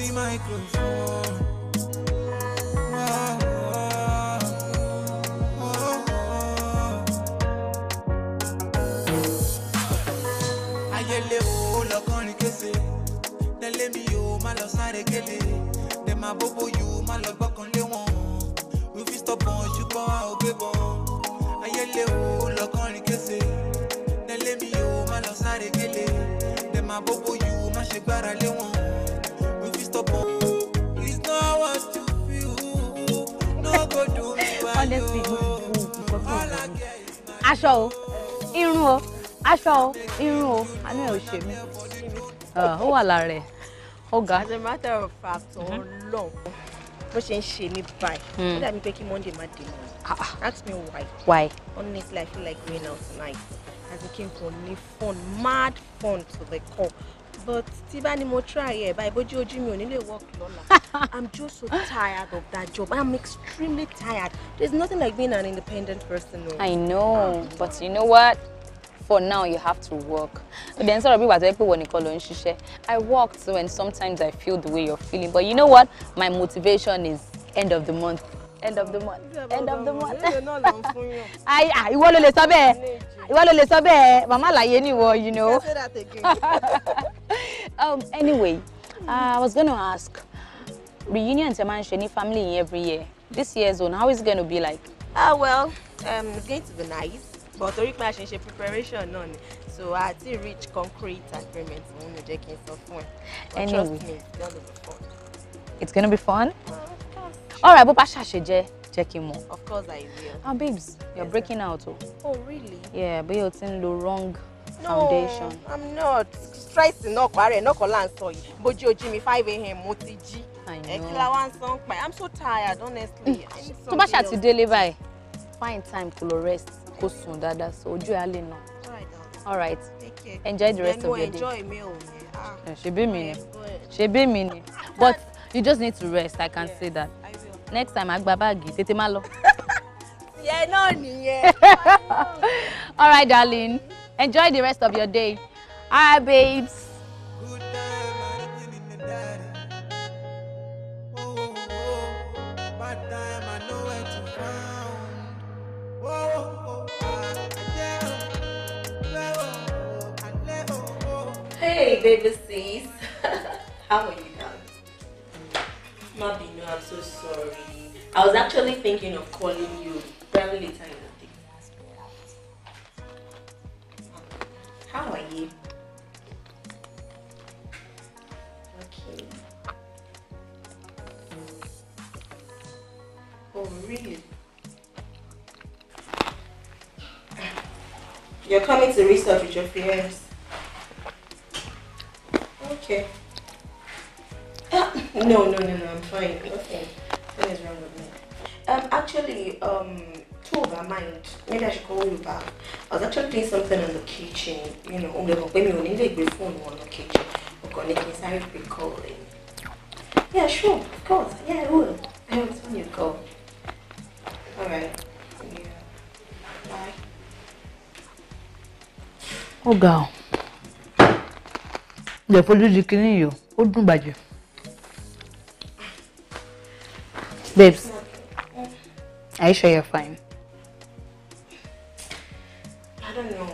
the microphone. Wow, wow, oh, oh. Ayé le o lọ́kànrin kése, tẹ́lẹ̀ mi o má lọ sáré kélé, tẹ̀ máa bóbó yòó má lọ gbọ́kànlé wọn. Rufi stọ̀bọ̀n ṣùgbọ́n a ò gbé bọ̀. Ayé le o lọ́kànrin kése, tẹ́lẹ̀ mi o má lọ sáré kélé, aṣọ o irun o aṣọ o irun o àánú ẹ̀ ò ṣe mí ó wà lára ẹ̀ ó ga. as a matter of fact mhm. ọlọ bó ṣe ń ṣe mí báyìí ó hmm. dàbí pé kí monday má dé mọ́ ah, ah. ask me why. why. honestly i feel like going out tonight as a king for ní phone, mad phone to the core but tí bá ni mo try ẹ̀ báyìí bójú ojú mi ò ní work lọ́la i'm just so tired of that job i'm extremely tired there's nothing like being an independent person. No. i know um, but you know what for now you have to work. But then sort of people are people nìkan ló ń ṣiṣẹ́. I work too and sometimes I feel the way you're feeling. But you know what? My motivation is end of the month end of the month end of the month. ayi ah ìwọ ló lè sọ bẹ́ẹ̀ ìwọ ló lè sọ bẹ́ẹ̀ màmá láyé ni ìwọ you know. um, anyway uh, I was gonna ask reunion tẹ́ máa ń ṣe ní family yín every year this year's own how is it gonna be like. ah well um, it's going to be nice but torí pé a ṣe ṣe preparation náà ni so I ti reach concrete agreement òun ló jẹ́ kí n sọ fún ẹ but trust me it's gonna be fun. it's gonna be fun all right bó bá ṣàṣejẹ jẹ́ kí n of course i will. ah babes you're yes, breaking out oh. oh really. yeah but you're ti the wrong no, foundation. no i'm not stress náà kọ́ ara ẹ̀ náà kọ́ là ń sọ yìí bójú mi five a.m. mo ti jí. ẹ kí la wá ń pa i'm so tired honestly. Mm. tó bá ṣàti deliver. báyìí find time to rest kó sùn dáadáa so ojú ẹ̀ á lè nà. all right enjoy the rest of your day. Enjoy She be ni She be ni but you just need to rest i can yeah. say that. next time àgbà báàgì tètè má lọ. tiẹ̀ náà nìyẹn. all right darling enjoy the rest of your day. all right babes. Hey, baby sis. How are you darling? Mabino, I'm so sorry. I was actually thinking of calling you very later in the day. How are you? Okay. Mm. Oh, really? You're coming to research with your friends. Okay. no, no, no, no, I'm fine. Okay. What is wrong with me? Um, actually, um, two of our mind, maybe I should call you back. I was actually doing something in the kitchen, you know, only but when you need the phone on the kitchen, okay, inside to be calling. Yeah, sure, of course. Yeah, I will. I will want you call. Alright. Yeah. Bye. Oh, ó ga ọ́. Ìjẹ̀fọ́ lójú kìíní yìí ó you Babes, are you sure you're fine? I don't know.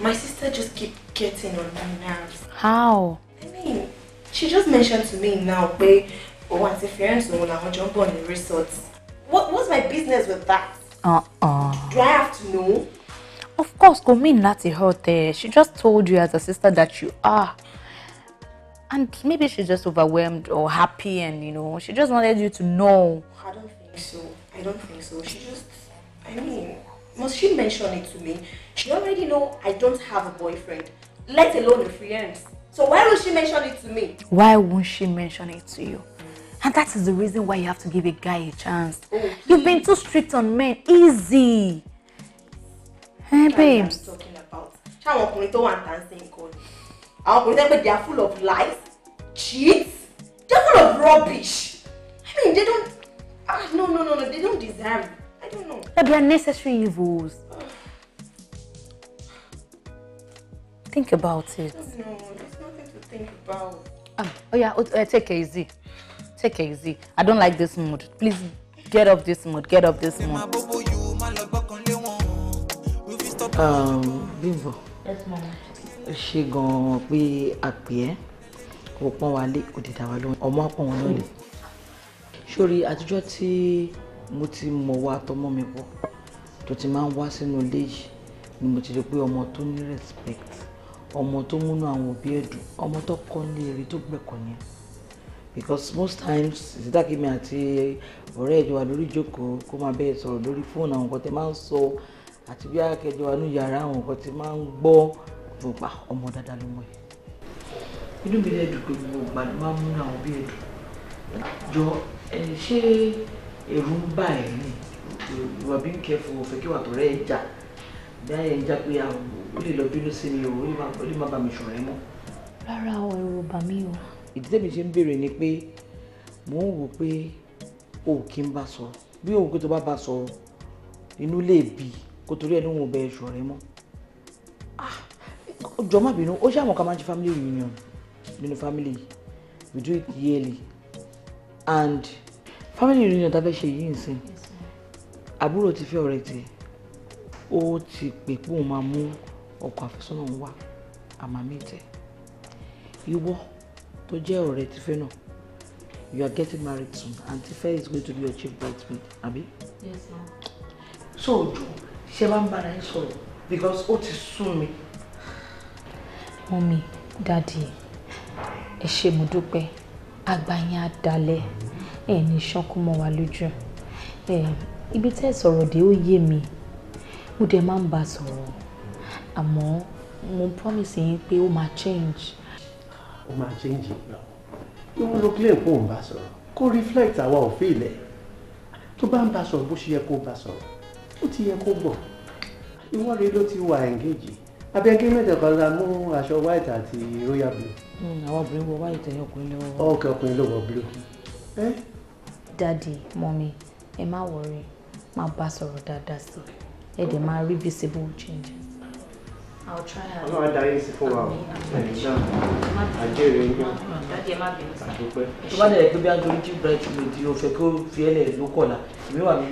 My sister just keep getting on my nerves. How? I mean, she just mentioned to me now, pé òun àti fiance òun làwọn jọ jump on the resort. What, what's my business with that? Uh-uh. Do I have to know? Of course, kò mean láti hurt ẹ. She just told you as a sister that you are. and maybe she's just overwhelmed or happy and you know she just wanted you to know i don't think so i don't think so she just i mean must she mention it to me she already know i don't have a boyfriend let alone a friend so why would she mention it to me why won't she mention it to you and that is the reason why you have to give a guy a chance you've been too strict on men easy hey eh, babes talking about àwọn ọkùnrin tẹ́ pé they are full of lies cheats. They're full of rubbish I mean they don't ah no no no no they don't deserve I don't know. But they are necessary evils. Think about it. No, there's nothing to think about. Um, oh yeah, uh, take it easy. Take it easy. I don't like this mood. Please get off this mood. Get off this mood. Um, Bimbo. Yes, mama ṣe gan-an pé àpè ẹ́ kò pọ́n wa lé òdìdá wa lóhùn ọmọ àpọ̀n wọn lónìí sórí àtijọ́ tí mo ti mọ̀ wá tọmọ mi pọ̀ tó ti máa ń wá sínú ilé yìí ni mo ti rí pé ọmọ tó ní respect ọmọ tó múnú àwọn òbí ẹ̀dùn ọmọ tó kọ́ ní eré tó gbẹ̀kọ́ yẹn because most times ìsídàkímì àti ọ̀rẹ́ ìjọba lórí ìjókòó kó máa bẹ́ẹ̀ sọ̀rọ̀ lórí fóònù àwọn nǹkan tẹ máa ń sọ àti bí akẹ́jọba nú yàrá àwọn nǹkan tẹ máa ń gbọ́ gbogbo ọmọ dáadáa ló mọ ẹ inú mi lè dùn pé gbogbo ìgbà ló máa ń múnú àwọn bí ẹdùn jọ ẹ ṣé ẹ̀rù ń bà ẹ ní ìwà bí ń kẹfọ òfẹ kí wà tó rẹ ẹ jà bí ẹ jà pé ó lè lọ bínú sí mi o ó lè má bà mí ṣọ̀rẹ́ mọ́. rárá o ẹ̀rù ò bà mí o. ìdí tẹ́mi ṣe ń béèrè ni pé mò ń wò pé o kì í bá sọ bí òun pé tó bá bá sọ inú lè bí kó torí ẹ lóun ò bẹ ẹ ṣọ̀rẹ́ mọ́. ah jọ binu, bínú ó ṣàmọ̀ ká máa ń ṣe family reunion nínú family we do it yearly and family reunion tá a fẹ́ ṣe yìí nsìn àbúrò ti fẹ́ ọ̀rẹ́ tiẹ̀ ó ti pè pé òun máa mú ọkọ àfẹ́sọ́nà òun wá àmàmí tẹ̀ ìwọ tó jẹ́ ọ̀rẹ́ ti fẹ́ náà you are getting married soon and Tife is going to be your chief bridesmaid abi. yes ma'am. so ojú ṣe máa ń bára ẹ sọ̀rọ̀ because ó ti sún mi mọ́mí dáàdì ẹ ṣé mo dúpẹ́ àgbáyé àdálẹ́ ẹ ní ṣánkú mọ́ wa lójú ẹ ibi tẹ́ ẹ sọ̀rọ̀ dé ó yé mi mo dẹ̀ máa ń bá a sọ̀rọ̀ àmọ́ mo promise yín pé ó máa change. ó máa change lọ ìwọ ló clear kó ń bá sọ̀rọ̀ kó reflect àwa òfin ilẹ̀ tó bá ń bá sọ̀rọ̀ bó ṣe yẹ kó bá sọ̀rọ̀ ó ti yẹ kó gbọ́ ìwọ rẹ ló ti wà engage abẹ́gí mẹ́tẹ̀ kan la mú aṣọ white àti royal blue. Hmm, àwọn obìnrin wọ white ẹ̀yọ́ ọkùnrin ló wọ. ọkọ ọkùnrin ló blue. dadi mọ́mi ẹ má wọrí máa bá sọ̀rọ̀ dáadáa sí i ẹ dẹ̀ máa rí visible changes. I'll try and. Ọlọ́run adarí sí fún wa o. Àjẹrè yín. Dádì ẹ má bínú sá. Tó bá dẹ̀ pé bí Adolú jí bright lòdì o fẹ́ kó fi ẹlẹ̀ lókọ̀ọ́lá, èmi wà mí.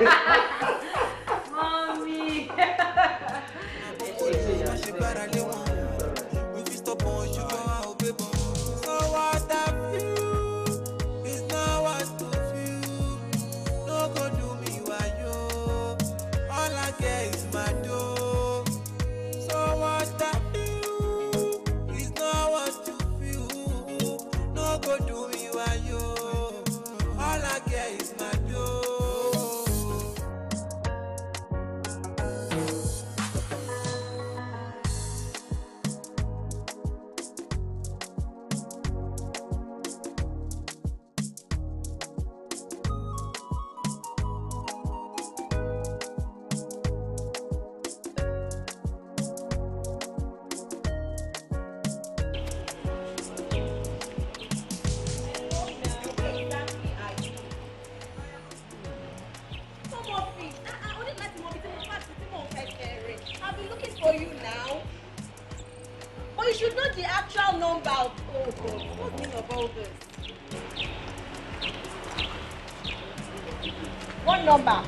all this? What number?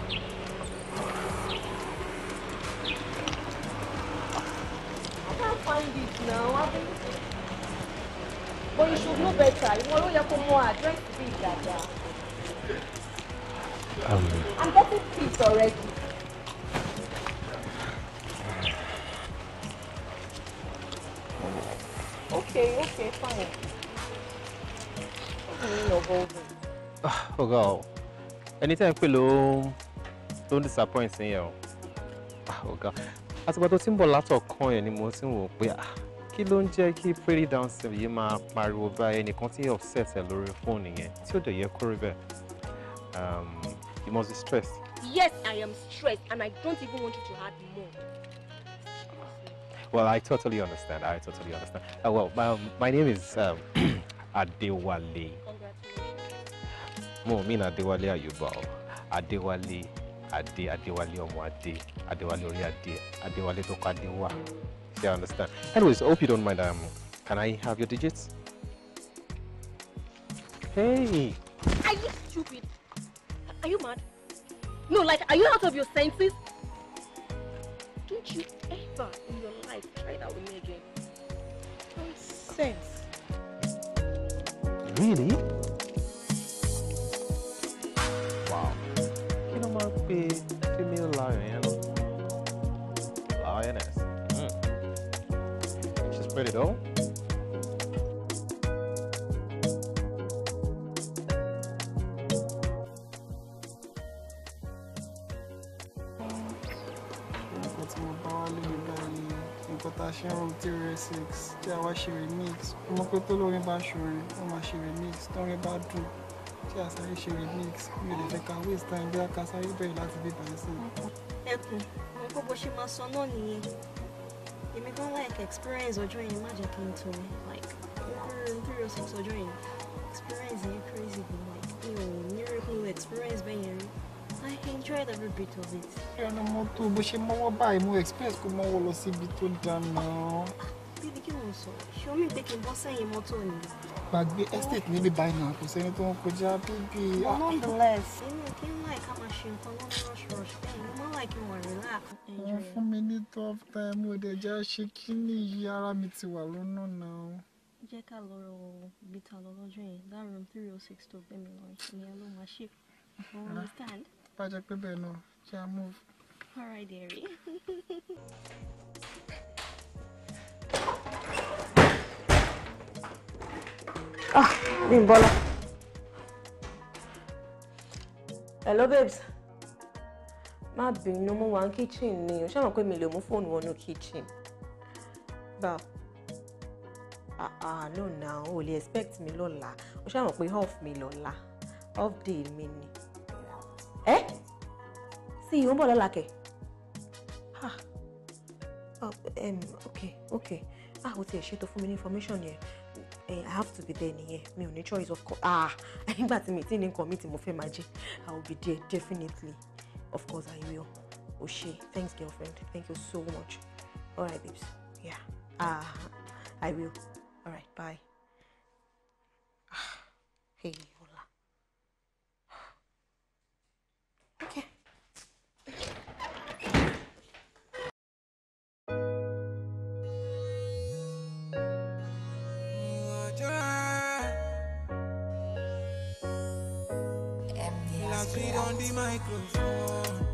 ọ̀gá o ẹni tẹ́ ń pè ló ló ń disappoint sí yẹn o ọ̀gá ah, àtìgbà tó ti ń bọ̀ látọ̀kan ẹ̀ ni mo ti ń wò pé ah, kí ló ń jẹ́ kí pretty dancer yìí máa pariwo bá ẹnìkan tí upset ẹ̀ lórí fóònù yẹn tí ó dẹ̀ yẹ kó rí bẹ́ẹ̀ um, you must be stressed. Yes, I am stressed and I don't even want you to add more. Well, I totally understand. I totally understand. Uh, well, my, um, my name is um, Adewale. Mo, me and Adewale Ayuba. Adewale, Ade, Adewale Omo Ade, Adewale Ori Ade, Adewale Toko Adewa. See, You understand. Anyways, hope you don't mind. Um, can I have your digits? Hey! Are you stupid? Are you mad? No, like, are you out of your senses? Don't you ever in your life try that with me again. Sense. Really? be female lioness. Lioness. Mm. She's pretty though. tá o Theory 6 tí a wá ṣe remix ọmọ pé tó lórin bá ṣòrin wọn máa remix tó ń rí kí a sáré ṣe remix mi ò lè fẹ́ ká waste time bí a ká sáré bẹ̀rẹ̀ láti bí bàá sí. ẹkùn mo kó bó ṣe máa sọ náà nìyẹn èmi gan like experience ọjọ́ yẹn má jẹ́ kí n tó like imperial six ọjọ́ yẹn experience yẹn crazy gan like mi ò ní rí pé experience bẹ́ẹ̀ rí. I enjoyed every bit of it. Ẹnu mo tó bó ṣe mọ́wọ́ báyìí mo express kó mọ́wọ́ lọ síbi tó dáná. Ah, Bíbí kí mo sọ, ṣé omi pé kí n bọ́ sẹ́yìn mọ́tò ni? gbàgbé estate níbi báyìí náà kò sẹ́ni tó ń kọjá bíbí. nonetheless ah. inú kí n láì ká máa ṣe nǹkan lọ́wọ́ rush rush bẹ́ẹ̀ mo máa kí wọ́n relax. wọ́n fún mi ní tough time ó dẹ̀ jẹ́ ṣe kí ni iye ara mi ti wà lọ́nà náà. jẹ́ ká lọ rọ ibi ta lọ lọ́jọ́ yẹn that room three oh six tó gbé mi lọ ìyẹn ló máa ṣe ah. understand. bá a jẹ pé bẹ́ẹ̀ náà ṣe é move. all right dearie. Ah, Bimbola. Hello, babes. Ma, be no more one kitchen ni. O ṣe mọ̀ pé mi lè mú fóònù wọnú kitchen. Ba. Ah ah, no na, o lè expect mi lọ́la. O ṣe mọ̀ pé off mi lọ́la. Off day mi ni. Eh? Ẹ́ sí ìwọ́n bọ̀ lọ́la kẹ̀. Ah, Oh, um, Okay, okay. Ah, o ti ẹ̀ ṣètò fún mi information yẹn. Eh, I have to be there nìyẹn mi ò ní choice of course ah nígbà tí mi ti ní nǹkan mi tí mo fẹ́ máa jẹ I will be there definitely of course I will o ṣe thanks girlfriend thank you so much alright babes yeah ah I will alright bye ah, hey. I speak on the microphone.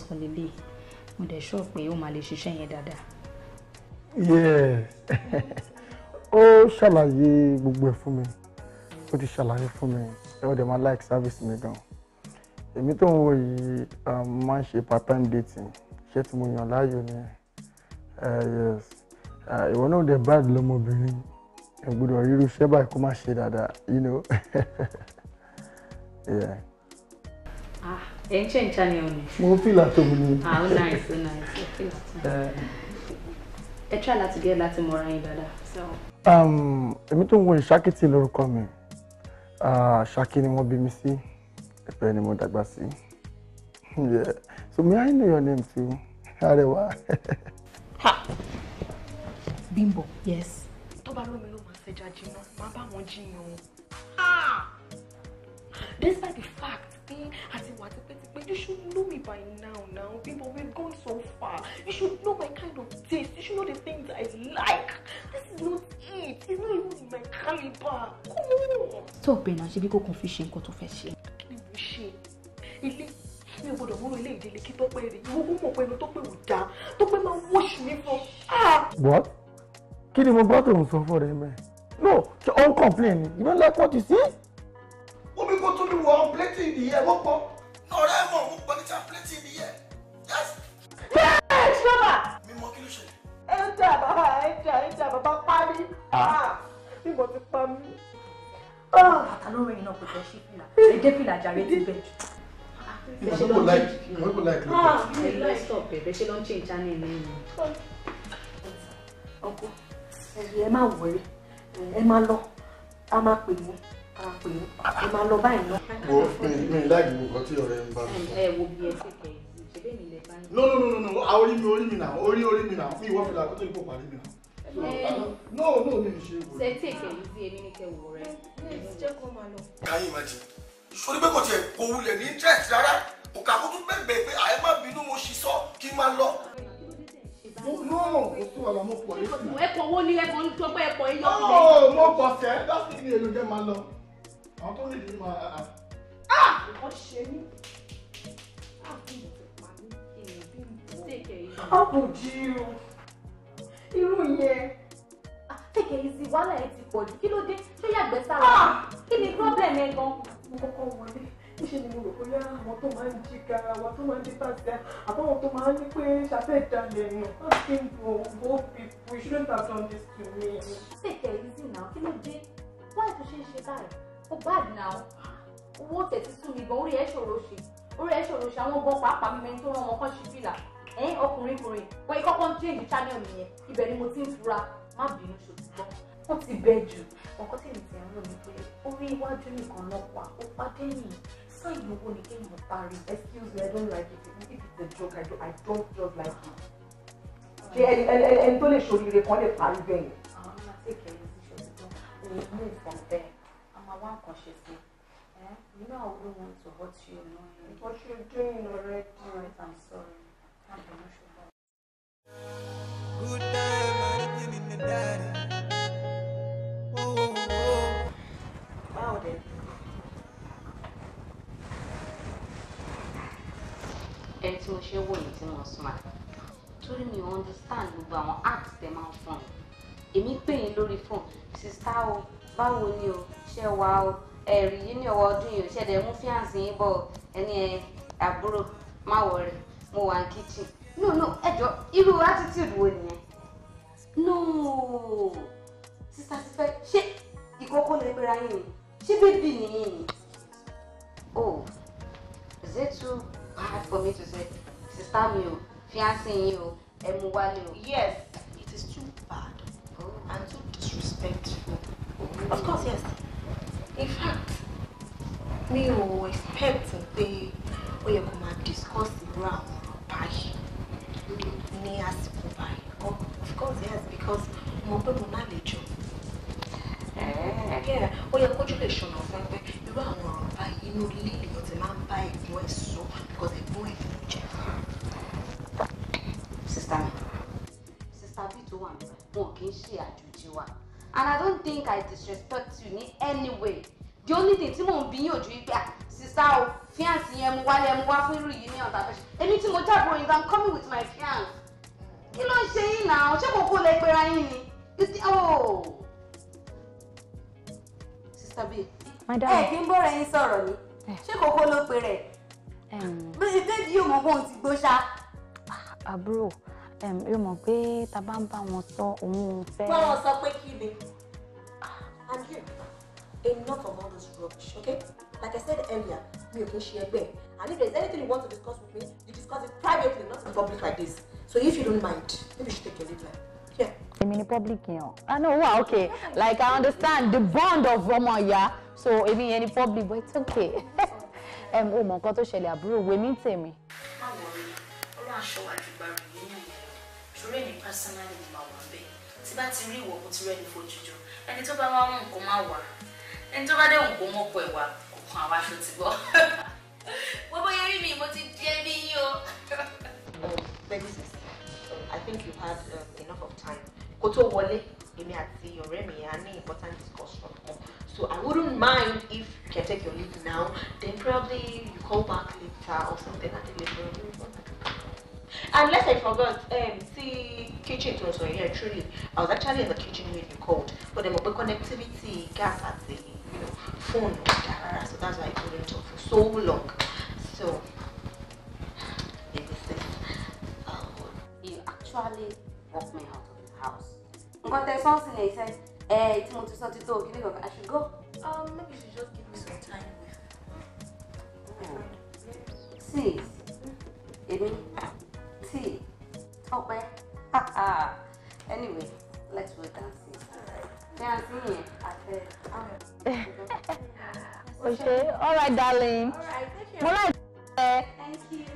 sọ lélẹ̀ mo dẹ̀ sọ pé ó máa lè ṣiṣẹ́ yẹn dáadáa. ó ṣàlàyé gbogbo ẹ̀ fún mi ó ti ṣàlàyé fún mi ẹ̀ ó dẹ̀ máa like service mi gan-an èmi tó ń wo yìí um, máa ń ṣe part time dating ṣé tí mo yàn láàyò ni eh, yes eh, ìwọ náà dẹ̀ bad lọ́mọbìnrin ẹ̀ gbọ́dọ̀ ríru iṣẹ́ báyìí kó má ṣe dáadáa you know yeah. Enche nchani oni. Mo feel at home ni. Ah, oh nice, oh nice. I feel at home. try láti get láti mọ̀ra yín dáadáa. So. Um, èmi tó ń wo ìṣákìtì lórúkọ mi. Ah, Ṣákì ni wọ́n bí mi sí. Ẹ̀pẹ́ ni mo dàgbà sí. Yeah. So may I know your name too? Arewa. Ha! Bimbo. Yes. Tó bá lómi ló máa ṣẹja jiná, máa bá wọn jiyàn. Ah! Despite the fact pé àti wà tipẹ́tipẹ́ you should know me by now now people, we've gone so far you should know my kind of taste you should know the things I like this is not it it's not even my caliber come on. tó o bẹ̀rẹ̀ náà ṣe bí kò kàn fi ṣe nǹkan tó fẹ́ ṣe. kí ni mo ṣe ilé mi ò gbọdọ̀ múlò ilé ìdílé kí tọ́pẹ́ rẹ̀ ìwọ kó mọ̀ pé ẹnu tọ́pẹ́ ò dáa tọ́pẹ́ máa wash mi fún ah. what kí ni mo gbọ́ tó ń sọ fún ọ̀rẹ́ mi no she on complain you don't like what you see the year wọ́n pọ̀. ọ̀rẹ́ mọ̀ mo pọ̀ ní chaplain in the year. yes. yes bàbá. mi mọ kí ló ṣẹlẹ̀. ẹ jà bàbá ẹ jà ẹ jà bàbá parí. mi mọ̀ ti pa mí. bàtà ah. ló rìn iná kò tẹ̀ sí fìlà ẹ dé fìlà jàre ti bẹ̀. ìwọ ló kò láìkì ìwọ ló kò láìkì ló kọ. ẹ lọ sọ bẹ̀bẹ̀ ṣe ló ń ṣe ìjánu ìlú yìí. ọkọ ẹ má wọlé ẹ má lọ a máa pè yín. No, no, no, no, no. wo mi láì wo nǹkan No, no, no, no, mi. ẹ wo bí ẹ ṣe tẹ ṣẹlẹ̀ mi lẹ bá yín. no no no no orí mi orí mi nà orí orí mi nà mi ìwọ fìlà tó ipò parí mi nà. no no mi ò ṣe. ṣe tètè yìí sí èmi ní kẹwò rẹ. jẹ́ kó máa lọ. káyìn máa jì sórí pé kò tiẹ̀ kò wulẹ̀ ní interest rárá kò kà kó tún bẹ̀bẹ̀ pé àyè má bínú mo ṣì sọ kí n máa lọ ẹ̀pọ̀ wo ni ẹ̀pọ̀ ń tọ́gbọ́ ẹ̀pọ̀ yíyọ́ fún mi. mo pọ̀ sẹ́ lọ́sìn ni èlò jẹ́ máa lọ àwọn tó lè nínú àá. wọ́n ṣe mí. àpòjì o irú yẹn take easy wàhálà ẹ ti pọ̀ jù kí ló dé ṣé yàgbẹ́ sára kí ni problem ẹ gan. mo kọ́kọ́ wọlé níṣẹ́ ni mo rò bóyá àwọn tó máa ń jí gara àwọn tó máa ń dípa jẹ́ àbáwọn tó máa ń ní pé ṣàfẹ́ ìdálẹ̀ nù I think o both people you shouldn't have done this to me. take easy now kí ló dé why to ṣe é ṣe ah! báyìí ó bad now owó tẹ̀sí sún mi gan orí ẹ̀ ṣòro ṣe orí ẹ̀ ṣòro ṣe àwọn gan pàápàá mi mẹ́ni tó rán wọn kán ṣí fìlà ẹ̀yìn ọkùnrin kùnrin wọ́n ikọ́ kan change channel mi yẹn ibẹ̀ ni mo ti ń fura má bínú ṣòtítọ́ ó ti bẹ́ jù ọkọ tí mi ti ń rò ní pé orí iwájú nìkan náà wà ó pàdé yìí sáì gbogbo ni kí n mọ̀ parí. excuse me i don't like it if it's a joke i do. i don't just like it. ṣe ẹni ẹni tó lè ṣoríire kan lè parí bẹ́ẹ̀ yẹn. àwọn máa tẹ̀kẹ́ ní ìṣòro tó ń mú ìfọ̀n bẹ́ẹ̀ wá nǹkan ṣe sí you know I to hurt you knowing what you're doing already all right I'm sorry I'm emotional. good night my baby and daddy. báwo dé. ẹni tí mo ṣe wò ní tí mo sùn àná torí mi ò understand gbogbo àwọn act tẹ máa ń fún mi èmi pè yín lórí fóònù sista o báwo ni o ṣe wà o ẹ̀rì yìí ní ọwọ́ ọdún yìí ṣẹ̀dẹ̀ mú fíànsì yín bọ̀ ẹni ẹ àbúrò má wọ̀rẹ̀ mo wà ní kitchen no no ẹjọ irú attitude wo nìyẹn no sísá sísá ṣé ìkókó lè gbéra yín ni ṣé bébì nìyí ni oh is it too bad for me to say sísá mi o fíànsì yín o ẹ mú wálé o. yes it is too bad oh. and too disrespectful of course yes in fact me ò expect pé ó yẹ kó máa discuss the round ọ̀rọ̀ báyìí ní àsìkò báyìí of course yes because people. mo pé mo náà lè jọ ó yẹ kójú lè ṣọ̀nà fún pé irú àwọn ọ̀rọ̀ You inú ilé ènìyàn ti máa ń bá ẹ̀gbọ́n ẹ̀ sọ because ẹ̀gbọ́n ẹ̀ ló jẹ́. sista sista You tó wà nígbà wọn kì í ṣe àjọ and I don't think I disrespect you in any way the only thing tí mò ń bí yín ojú wípé ah, sister, o fiance yẹn mu wálé mu wá fún irú yìí ní ọ̀tá fẹ́ṣẹ̀ èmi tí mo jábọ̀ yìí I'm coming with my fiance kí ló ń ṣe yín náà ṣé kókó lè pera yín ni you see oh sísá bíi ẹ kí n bọ́ra yín sọ̀rọ̀ ni ṣé kókó ló pera ẹ̀ bí bébí yóò mọ bóun ti gbó ṣá. Ah, àbúrò yóò mọ̀ pé ta bá ń bá wọn sọ òun fẹ́. bá wọn sọ pé kí ni ah, enough of all this rubbish okay like i said earlier mi ò kí n and if there is anything you want to discuss with me you discuss it privately not in public like this so if you don't mind maybe you should take your leave now. Yeah. èmi ni public yẹn o i ah, know wow okay like i understand the bond of ọmọ ìyá so èmi yẹn ni public but it's okay um, o mọ nǹkan tó ṣẹlẹ̀ àbúrò wo èmi ń tèmi. báwo ni ó rán wa personally ni màá wà ń bẹ̀ tí ti rí ìwọ kó ti rẹ́ni fojújọ ẹni tó bá wá mú nǹkan má wà ẹni tó bá dé nǹkan mọ́pọ̀ ẹ̀wà kò kan àwa aṣọ ti gbọ́ gbogbo yẹn rí mi mo ti di ẹbí yín o. bẹ́ẹ̀ni sísè I think you've had um, enough of time kó tó wọlé èmi àti ọ̀rẹ́ mi á ní important discussion so I wouldn't mind if you can take your leave now then probably you call back later or something and deliver your Unless I forgot, um, kitchen was right here, truly. I was actually in the kitchen when you called, but the mobile connectivity gas, at the you know, phone was there, so that's why I couldn't talk for so long. So, this is, uh, actually walked me out of the house. But there's something he says. eh, it's more to sort to out, I should go. Um, maybe you should just give me some time with. Oh. Sis, Amy. Mm-hmm. see. Okay. anyway, let's wait and see. see okay, Okay. all right, darling. All right, thank you. Thank you.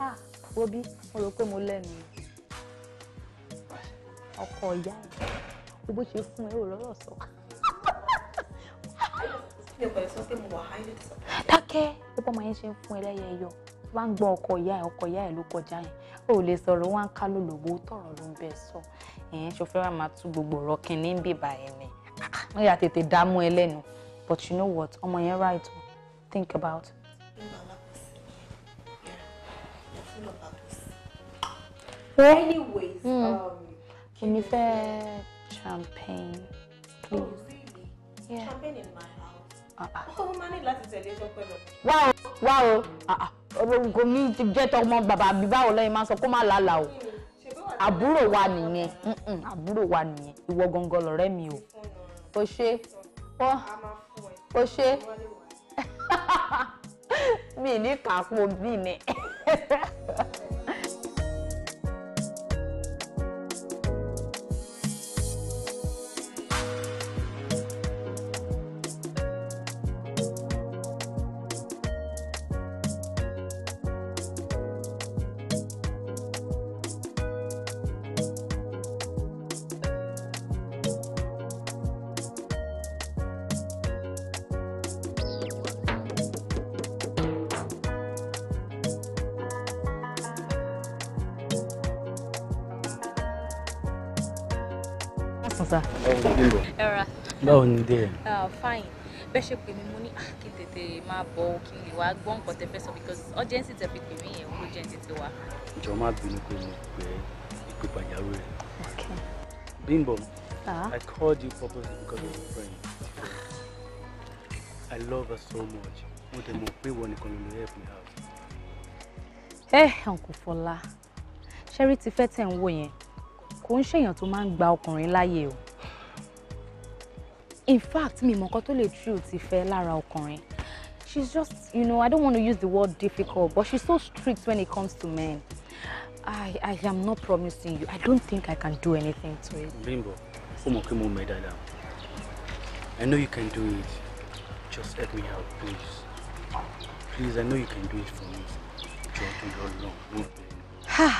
Ah, Wobi. bí mo rò pé mo lẹ́nu ọkọ ìyá ẹ̀ wo bó ṣe fún ẹ ò lọ́rọ̀ sọ. Dákẹ́ bí ọmọ yẹn ṣe ń fún ẹ lẹ́yẹ ẹyọ, wá ń gbọ́ ọkọ ìyá ẹ̀ ọkọ ìyá ẹ̀ ló kọjá yẹn ò lè sọ̀rọ̀ wọn ká ló tọ̀rọ̀ ló ń bẹ sọ ẹ̀yìn ṣòfẹ́ wa máa tú gbogbo ọ̀rọ̀ kìnní ń bèbà ẹ̀ ni wọ́n yà tètè dámú ẹ lẹ́nu but you know what ọmọ yẹn right think about. anyways. mo hmm. um, ní fẹ́ champagne oh, please. Champagne in my house. Ah, ah. Ọkọ mo máa Wá o, wá o, ah, kò ní ti jẹ́ tọmọ bàbá àbí báwo lẹ́yìn máa sọ kó má lálà o àbúrò wa nìyẹn àbúrò wa nìyẹn ìwọ gangan lọ̀rẹ́ mi o o ṣe o ṣe mi ní kàápọ̀ bí ni. How ah, fine. Bẹ́ẹ̀ ṣe pè mí mo ní ah, kí n tètè máa bọ̀ kí n lè wá gbọ́ nǹkan tẹ fẹ́ sọ because urgency tẹ fi pè mí yẹn ó jẹ́ tètè wá. Jọ má bínú pé mo pè é ìpè pàjáwìrì. Okay. Bimbo, uh? I called you purposely because of your friend. I love her so much. Mo dẹ̀ mọ̀ pé wọ́n nìkan ló lè help me out. Ẹ eh, Uncle Fọlá, ṣẹ́rí ti fẹ́ tẹ̀ ń wò yẹn, kò ń ṣèyàn tó máa ń gba ọkùnrin láyè o in fact mi mọ̀ nǹkan tó lè true ti fẹ́ lára ọkùnrin she's just you know i don't want to use the word difficult but she's so strict when it comes to men i i am not promising you i don't think i can do anything to it. Bimbo o mọ̀ pé mo mọ̀ ẹ́ dáadáa i know you can do it just help me out please please i know you can do it for me jọ tó yọ lọ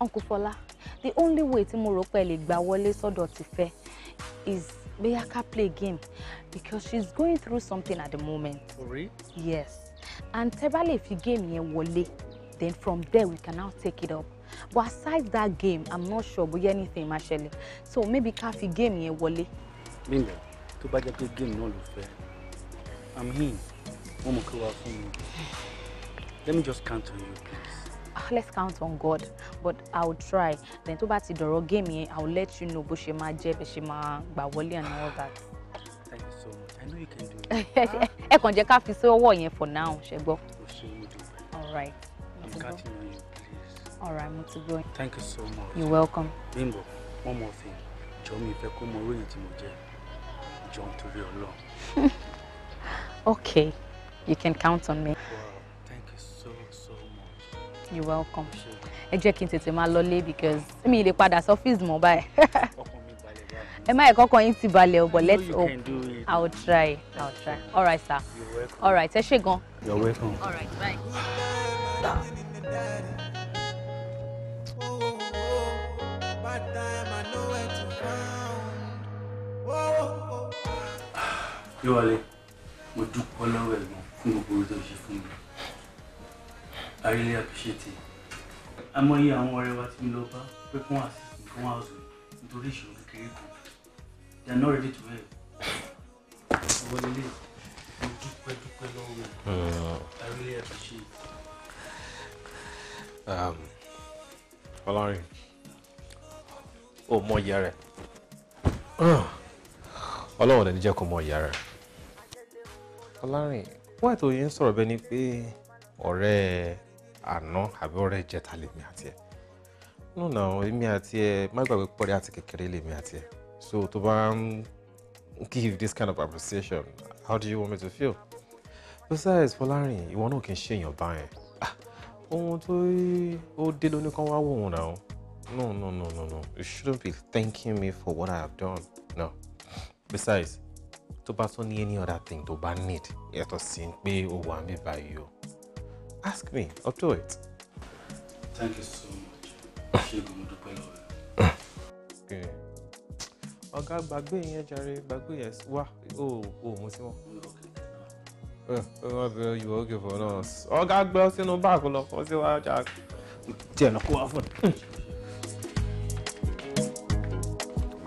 uncle Fola the only way tí mo rò pé lè gbà is Beyaka play game because she's going through something at the moment. Oh, really? Yes. And Tebale, if you game yẹn wọlé, then from there we can now take it up. But aside that game, I'm not sure about anything máa So maybe ká fi game yẹn wọlé. Linda, tó bá jẹ́ pé game no ló I'm here. Wọ́n mọ̀ Let me just count on you, please. Ah, let's count on God but I'll try then tó bá ti dọ̀rọ̀ game yẹn i let you know bó ṣe máa jẹ́ bẹ́ẹ̀ ṣe máa gbà wọlé and all that. thank you so much i know you can do it. ẹ kàn jẹ́ ká fi sí ọwọ́ yẹn for now ṣe gbọ́. o ṣe mo dùn. all right. i'm counting on you please. all right mo ti gbọ́. thank you so much. you're welcome. bimbo one more thing jọ mi fẹ́ kó mọ oróyìn tí mo jẹ jọ nítorí Ọlọ́run. okay you can count on me. Wow. You're welcome ẹ jẹ́ kí n tètè máa lọlé because mi lè padà sọ́fíìsì mọ́ báyìí ẹ má ẹ̀kọ́ kan yín ti balẹ̀ ọ̀bọ̀ let's hope i will try i will try all right sir all right ẹ ṣé gan. you're welcome. all right bye. yóò wálé mo dúpọ́ lọ́wọ́ ẹ̀gbọ́n fún gbogbo orí tó ṣe fún mi. I really appreciate it. Amọ̀ye àwọn ọ̀rẹ́ wa tí mi lọ bá pé fún àṣìṣe fún àwùjọ nítorí ìṣòro kékeré kan. They are not ready to help. Owó lélẹ̀ mo dúpẹ́ dúpẹ́ lọ́wọ́ rẹ̀. Hmm. I really appreciate it. Um, Fọlárin, ó mọ ìyá rẹ̀. Ọlọ́run ò ní jẹ́ kó mọ ìyá rẹ̀. Fọlárin, wọ́n ètò yìí ń sọ̀rọ̀ bẹ́ẹ̀ ni pé ọ̀rẹ́ àná àbí ọ̀rẹ́ ìjẹta lèmi àti ẹ̀ nùnà èmi àti ẹ̀ má gbàgbé pọ̀rẹ́ àti kékeré lèmi àti ẹ̀ so tó bá ń give this kind of appreciation how do you want me to feel besides Fọlárin ìwọ náà kì í ṣèyàn báyẹn ah, ohun tó ó dé lóní kan wá wòun náà no no no no no you shouldn't be thanking me for what I have done no besides tó bá tún ní any other thing tó bá need yàtọ̀ sí pé ó wà mí báyìí o. Ask me. I'll do it. Thank you so much. Ṣégun dúpẹ́ lọ́wọ́. Ọ̀gá gbàgbé yẹn jàre gbàgbé oh, wá o ò mú sí wọn. Wọ́n bẹ ìwọ òkè fún náà. Ọ̀gá gbé ọ sínú báàgì lọ kọ́ sí wa jà. Tiẹ̀ lọ kó wá fún mi.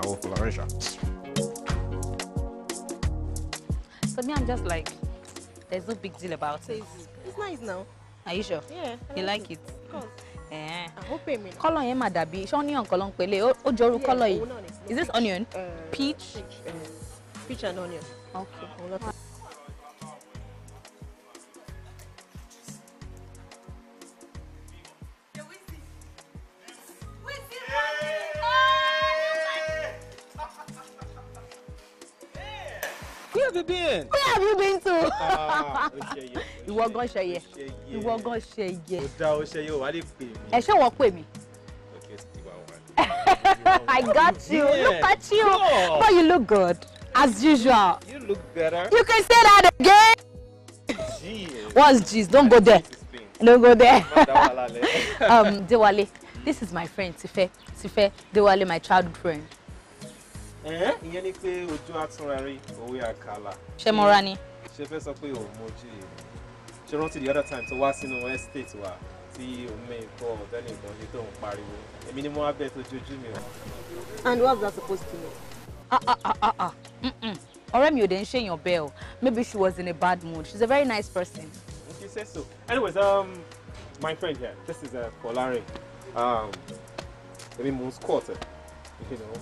Àwọn Fọlọ́rìn ṣá. So me, I'm just like, there's no big deal about it. It's nice now. Are you sure? Yeah. You like it? Of course. Eh. I hope I mean. Color yẹn mà dàbí. onion kan ló ń pele? color Is this onion? Uh, peach? Peach. Uh, peach and onion. Okay. you been? Where have you been to? Ìwọ gan ṣẹyẹ. Ìwọ gan ṣẹyẹ. Ó dá ó ṣẹyẹ, ó wá lè pè mí. Ẹ ṣé wọ́n pè mí. I got you. Yeah. Look at you. Cool. But you look good, as usual. You look better. You can say that again. Jeez. What's jeez? Don't go there. Don't go there. um, Dewale, this is my friend Tife. Tife, Dewale, my childhood friend. Eh? ìyẹn ni pé ojú àtúnrarí òwe àkàlà. ṣé mo ra ni. ṣe fẹ́ sọ pé òun mojú yìí ṣe rántí the other time tó wá sínú estate wa tí omi ìkọ ọ̀dẹ́ni ìbọn ní tóun pariwo èmi ni mo wá bẹ́ẹ̀ tó jojú mi o. and what's that supposed to mean. ah ah ah ah, ah. ọ̀rẹ́ mi ò dé ń ṣèyàn bẹ́ẹ̀ o maybe she was in a bad mood she's a very nice person. if you say so Anyway, um, my friend here this is uh, Kolare um, èmi mo ń squat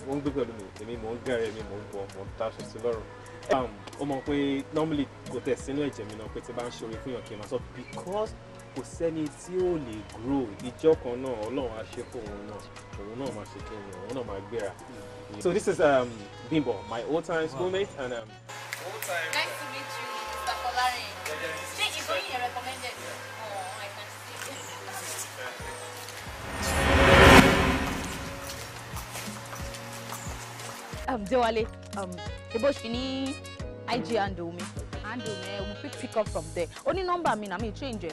wọ́n ń gbé pẹ̀lú mi èmi mò ń gẹ̀rẹ́ mi mò ń bọ̀ mò ń taṣọ sí lọ́rùn um, ó normally kò tẹ̀ sínú ẹ̀jẹ̀ mi náà pé tí bá ń ṣoore fún yàn kí n máa because kò sẹ́ni tí ó grow ìjọ kan náà ọlọ́run á ṣe fún òun náà òun náà máa ṣe fún òun òun náà máa So this is um, Bimbo my old time schoolmate and um, old time. um, Dewale, um, Eboshi ní IG handle mi. Handle mi, we fit pick up from there. Only number mi na mi change ẹ.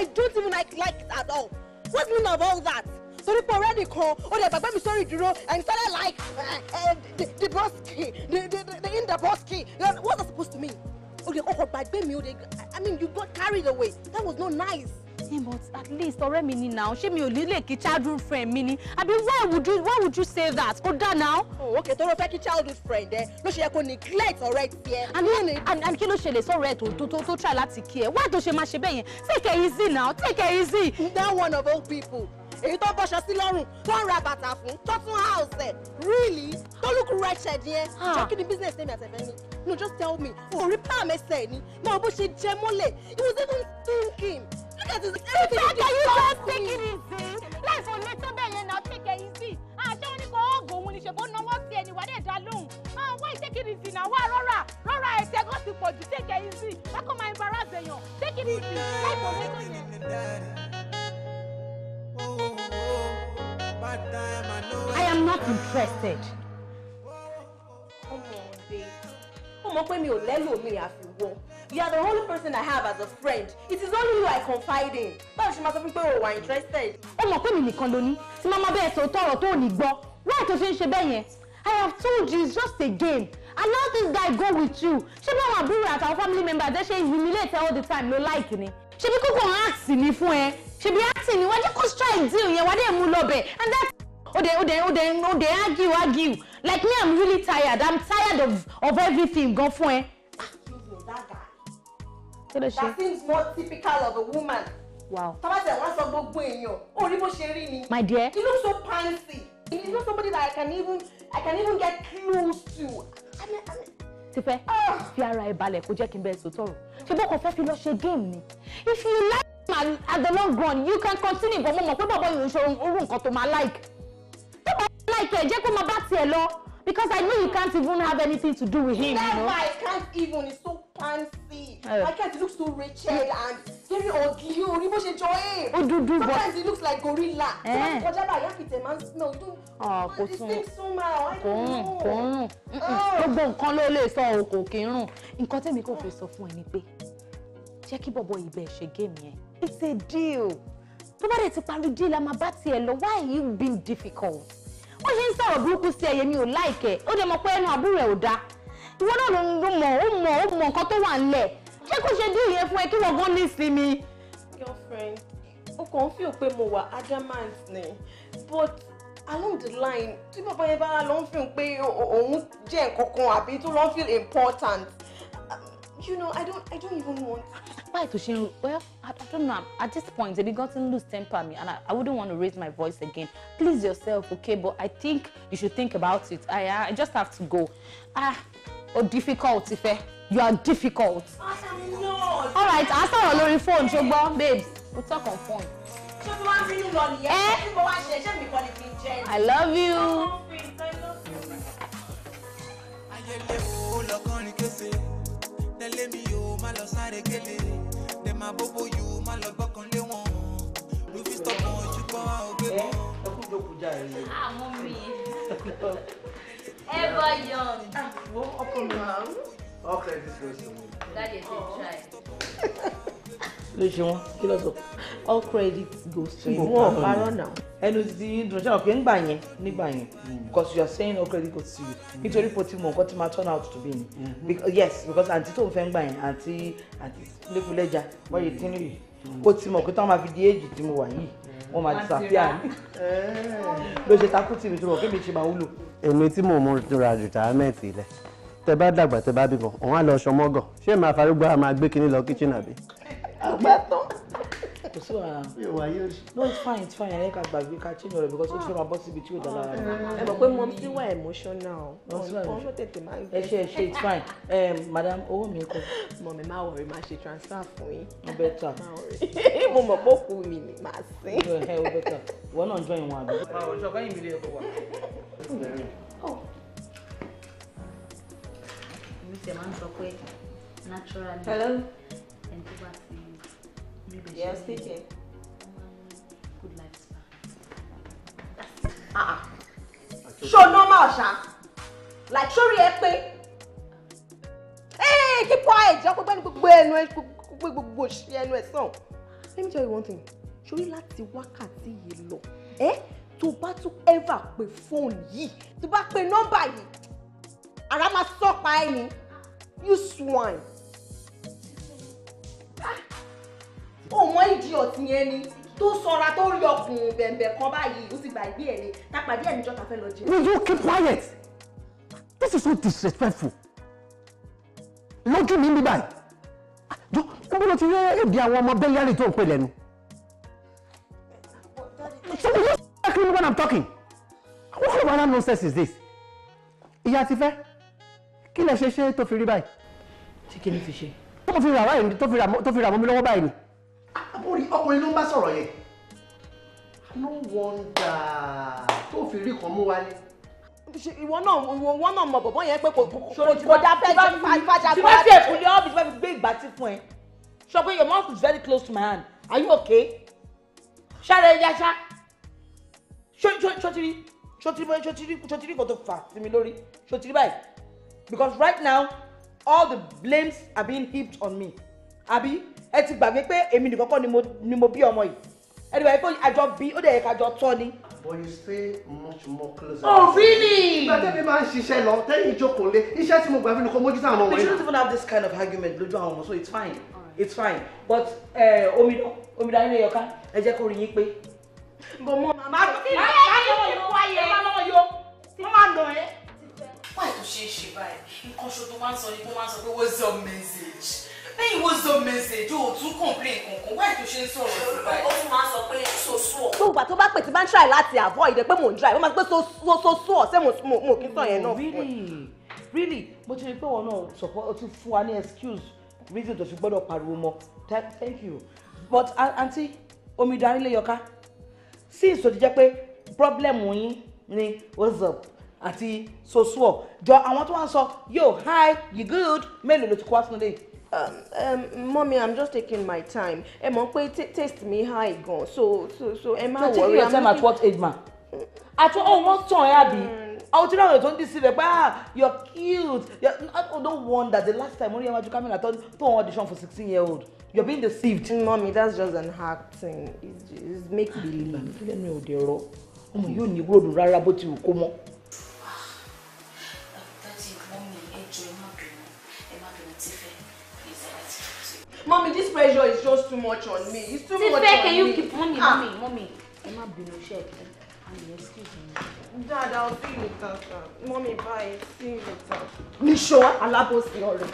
I don't even like like it at all. What's mean of all that? torí pé ọ̀rẹ́ nìkan ó lè gbàgbé mi sórí ìdúró and started like uh, uh, the, the broski the, the, the, the in the broski What that supposed to mean? ó lè kọ́kọ́ gbàgbé mi ó lè I mean you got carried away that was not nice. Yeah, but at least ọ̀rẹ́ mi ni now ṣé mi ò nílé kí childhood friend mi ni àbí why would you why would you say that kò dá now. oh okay tóró fẹ́ kí childhood friend ẹ ló ṣe yẹ kó neglect ọ̀rẹ́ ti ẹ. and and kí ló ṣẹlẹ̀ sọ̀rọ̀ ẹ̀ tó tó tó try láti kí ẹ wá tó ṣe máa ṣe bẹ́ẹ̀ yẹn take it easy now take it easy. that one of all people èyí tó bọ́ṣọ sí lọ́rùn tó ń ra bàtà fún tó tún house ẹ̀ really tó look wretched yẹn jọ ah. kí ni business tèmi àtẹ̀fẹ́ ni no just tell me kò rí pàm ẹsẹ̀ ni mo bó ṣe jẹ mọ́lẹ̀ he was even thinking look at his everything he did for me. take it easy life ò lè tó bẹ́ẹ̀ yẹn náà take it easy àṣẹ ah, wọn ni kò ọ̀gùn òun ni ṣèbó náwó sí ẹni wà dẹ̀ dá lóhùn ah, why take it easy náà wá rọ́rà rọ́rà ẹ̀sẹ̀ kan ti pọ̀ jù take it easy bákan máa embarrass èèyàn take it easy life ò lè tó yẹn. I'm not interested. Come on, babe. Ó mọ̀ pé mi ò lẹ́lòmíì àfiwọ́. You are the only person I have as a friend. It is only you I confide in. But she must have fún pé o interested? Ó mọ̀ pé mi nìkan ló ní. Tí màmá bẹ́ẹ̀ sọ tọrọ tó ò ní gbọ́. Why tó ṣe ń I have told you it's just a game. Allow this guy go with you. She Ṣé my brother àbúrò our family members They say humiliate all the time no like ni? She be kókó hàn áàsì ni She be asking, bí áàsì you wájú kó strike deal yẹn wá dé mú and that's Oh dey oh dey oh dey oh they argue argue like me i'm really tired i'm tired of of everything gan fún ẹ. that guy. that seems more typical of a woman. wow. tọ́mátẹ̀ wá sọ gbogbo èèyàn ó rí bó ṣe rí my dear. you look so fancy. He's not somebody that i can even i can even get close to. I mean, I mean, tipẹ́ ah. fi ara ẹ balẹ̀ kó jẹ́ kí n bẹ́ẹ̀ sọ tọrọ ṣé bó kò fẹ́ fi game ni if you like my at the long run you can continue but mama, mọ̀ pé bàbá yìí ń ṣe irú nǹkan tó máa like like ẹ jẹ́ kó máa because I know you can't even have anything to do with him. That you know? I can't even. It's so fancy. Uh, my cat looks so wretched and very ugly. Oh, ni bó ṣe jọ ẹ́. Ó Sometimes he looks like gorilla. Ẹ́ẹ̀. Eh. Kọjá bá yá kìtẹ̀ máa ń smell do. Ọ̀ ah, kò tún. This thing so mal. Kò rùn kò rùn. Ah. Gbogbo nǹkan ló lè sọ o kò kí ń rùn. Nǹkan tẹ́mi kò fẹ́ sọ fún ẹ ni pé jẹ́ It's a deal. Tó bá dẹ̀ ti deal, I'm about to tiẹ̀ lọ. Why you being difficult? ó ṣe ń sọ̀rọ̀ burúkú sí ẹyẹ mi ò láìkẹ́ ó dẹ̀ mọ̀ pé ẹnu àbúrò ẹ̀ ò dáa ìwọ náà ló mọ̀ ó mọ̀ ó mọ̀ nǹkan tó wà ńlẹ̀ ṣé kó ṣe dí ìyẹn fún ẹ kí wọ́n gan ní ìsinmi. girlfriend ó kàn ń feel pé mo wà adamant ni but along the line tí bàbá yẹn bá lọ ń feel pé òun jẹ́ nǹkan kan àbí tó lọ feel important you know i don't i don't even want. why to well I, i don't know at this point they've gotten loose temper me, and I, i wouldn't want to raise my voice again please yourself okay but i think you should think about it i i just have to go ah oh, difficult If eh, you are difficult. all right I saw your phone ṣùgbọ́n babes we talk on phone. ṣé mo máa ń bínú lọ nìyẹn eh? ṣé mo i love you. Then let me yo, lọ sáré gélé. Then my bobo yo, má lọ gbọ́kànlé wọn. We fit stop on ṣùgbọ́n a ò Ẹ kú jókòó já ah, ẹ yẹ. Àmọ́ mi. Ever young. ọkọ mi máa ń. Okay, this goes to me. That is a try. ló ṣe wọn kí ló sọ. all credit goes to you wọn ò parọ́ náà ẹnu ti di dùn ṣe ọ̀pẹ ńgbà yẹn nígbà yẹn hmm. because you are saying all credit goes to you hmm. nítorí pé o ti mọ nǹkan tí máa turn out to be ni hmm. yes because àǹtí tó ń fẹ́ ńgbà yẹn àǹtí àǹtí lẹ́kùlẹ́jà wọ́n yìí tínú yìí o ti mọ̀ pé táwọn máa fi di èjì tí mo wà yìí wọ́n máa disappear eh. ló ṣe takú tì mí tó mọ̀ kí mi ṣe máa wúlò. èmi tí mò ń múra jù tààmẹ́ẹ̀tì ilẹ̀ tẹ bá dàgbà tẹ bá bímọ òun á lọ ṣọmọgàn ṣé màá farógbá máa gbé kinní lọ kíchìn àbí àgbàtàn. kò sí wàhálà no it's fine it's fine ẹ̀ka gbàgbé ká change ọ̀rọ̀ because ó ti fẹ́ràn bọ́ síbi tí ó dára rẹ̀. ẹ mọ̀ pé mo ti wà emotional wọn ló tètè máa ń gbé. ẹ ṣe ẹ ṣe it's fine madam owó mi kọ. mọ̀ mi máa wọ̀rì máa ṣe transfer fún yín. ó bẹ tà mo mọ̀ pé òkú mi ni màá sí. ẹ ó bẹ tà wọn náà jọ ìwọ̀n àbí. ọ̀ṣọ́ báyìí mi lè kọ wa. Oh. mi ti pé naturally. hello. ẹni tó bá ti bí bẹ́ẹ̀ ṣe yes take care good life span. ṣó normal ṣá like sórí ẹ pé kí pọ́ àìjọ́ pé pẹ́ni gbogbo ẹnu ẹ gbogbo òṣì ẹnu ẹ sàn let me tell you one thing sórí láti wákàtí yìí lọ ẹ tó bá tún ever pe fóònù yìí tó bá pe nọ́mbà yìí ara máa sọ́pa ẹni you swine. òmọ idiot yẹn ni tó sọra tó rí ọkùnrin bẹ̀m̀bẹ̀ kan báyìí ó sì gba ìgbé ẹ̀ ni tápàdé ẹ̀ níjọ́ ta fẹ́ lọ jẹ. Will you keep quiet? This is so disrespectful. lójú mi bí báyìí jọ níbo ló ti rí èdè àwọn ọmọ bẹ́lẹ́rì tó ń pè lẹ́nu. So will you exactly when I'm talking? What kind of other nonsense is this? Ìyá ti fẹ́ kí lẹ ṣe ṣe tó fi rí báyìí. Tí kí ni fi ṣe? Tó fi rà báyìí tó fi rà mọ́ mi lọ́wọ́ báyìí ni àbórí ọkùnrin ló ń bá sọ̀rọ̀ yẹn no wonder tó fi rí kan mú wálé ìwọ náà ìwọ náà mọ bọ̀bọ̀ yẹn pé kò kò dá fẹ́ fàjà fún ẹ. tí wọ́n fi èkúlé ọ́fíìsì wọ́n fi gbé ìgbà tí fún ẹ. sọ pé your mouth is very close to my hand are you okay? ṣáre yáṣá ṣòtìrí ṣòtìrí ṣòtìrí ṣòtìrí kò tó fà sí mi lórí ṣòtìrí báyìí because right now all the blames are being heaped on me abi ẹ ti gbàgbé pé èmi nìkan kọ́ ni mo bí ọmọ yìí ẹ ti gbàgbé pé àjọ bí ó dẹ̀ yẹ kájọ tọ́ ni. but you stay much more closer. oh really. ìgbà tẹ́mi máa ń ṣiṣẹ́ lọ tẹ́yìn ìjókòó lé iṣẹ́ tí mo gbà fún mi kò mójútó àwọn ọmọ yìí. we shouldn't even have this kind of argument lójú àwọn ọmọ so it's fine it's fine but eh, omi náà omi dání lè yọká ẹ jẹ́ kó rí yín pé. bò mọ màmá kí ni màmá lọ́wọ́ yóò wáyé màmá lọ́wọ́ yóò wọ́n máa nà ẹ́. wáyé tó ṣe é ṣe báyìí nǹkan ṣo tó máa ń sọ ni kó máa ń sọ pé what's up message lẹ́yìn wo zo message o tún complain kankan wáyé tó ṣe ń sọ̀rọ̀ sí báyìí. ó tún máa sọ pé soso ọ̀. gbogbo àti ó bá pè tí bá ń try láti avoid pé mò ń try ó máa so soso ọ̀ ṣé mo kí sọ yẹn náà fún ẹ. really mo ti rí pé wọn náà sọpọ o tún fún wa ní excuse reason tó fi gbọ́dọ̀ pariwo mọ́ thank you but aunty omi darí lè yọká sí ìsòdì jẹ́ pé problem yín ni what's up àti soso ọ̀ jọ àwọn tó wá ń sọ yo hi you good mélòó ló ti kó wá sínú lẹ́yìn um, um, mommy i'm just taking my time ẹ mọ̀ pé taste mi high gan so so so ẹ má taking your time at what age ma at what oh wọ́n tàn I àbí àwọn tí náà yóò tó ń dísí rẹ̀ ah, you're cute you're don't oh, wonder the last time orí ẹ̀ wájú kámẹ́rà tó ń audition for sixteen year old you're being deceived. Mm, mommy that's just an acting it's, it's make believe. ìgbà mi ò dẹ̀ rọ ọmọ yóò ní gbọ́dọ̀ rárá bó ti wù kó mọ́. Mommy, this pressure is just too much on me. It's too Tife, much on me. can you me. Keep, mommy, ah. mommy, mommy. Emma Bino, And Mommy, excuse me. Dad, I'll see you later. Mommy, bye. See you later. Nisho, alábòsí ọ̀rẹ́.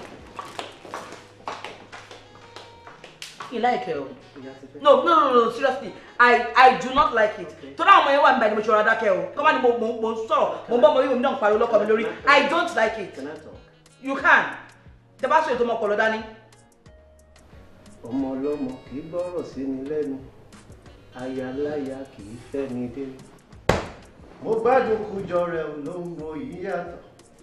You like oh. her? No, no, no, no, seriously. I, I do not like it. Torí àwọn ọmọ yẹn wà nígbà ni mo ṣe ọ̀rọ̀ adákẹ́ o. Oh. Kọ́má ni mo mo sọ̀rọ̀, mo bọ́ ọmọ yìí mi náà pariwo lọ́kọ̀ mi lórí. I don't like it. You can. Tẹ bá sọ ètò ọmọkùnrin dání ọmọ ọlọ́mọ kì í gbọ́rọ̀ sí ni lẹ́nu ayaláya kì í fẹ́ni dé. mo gbádùn kújọ rẹ ò ló ń wo yìí yàtọ̀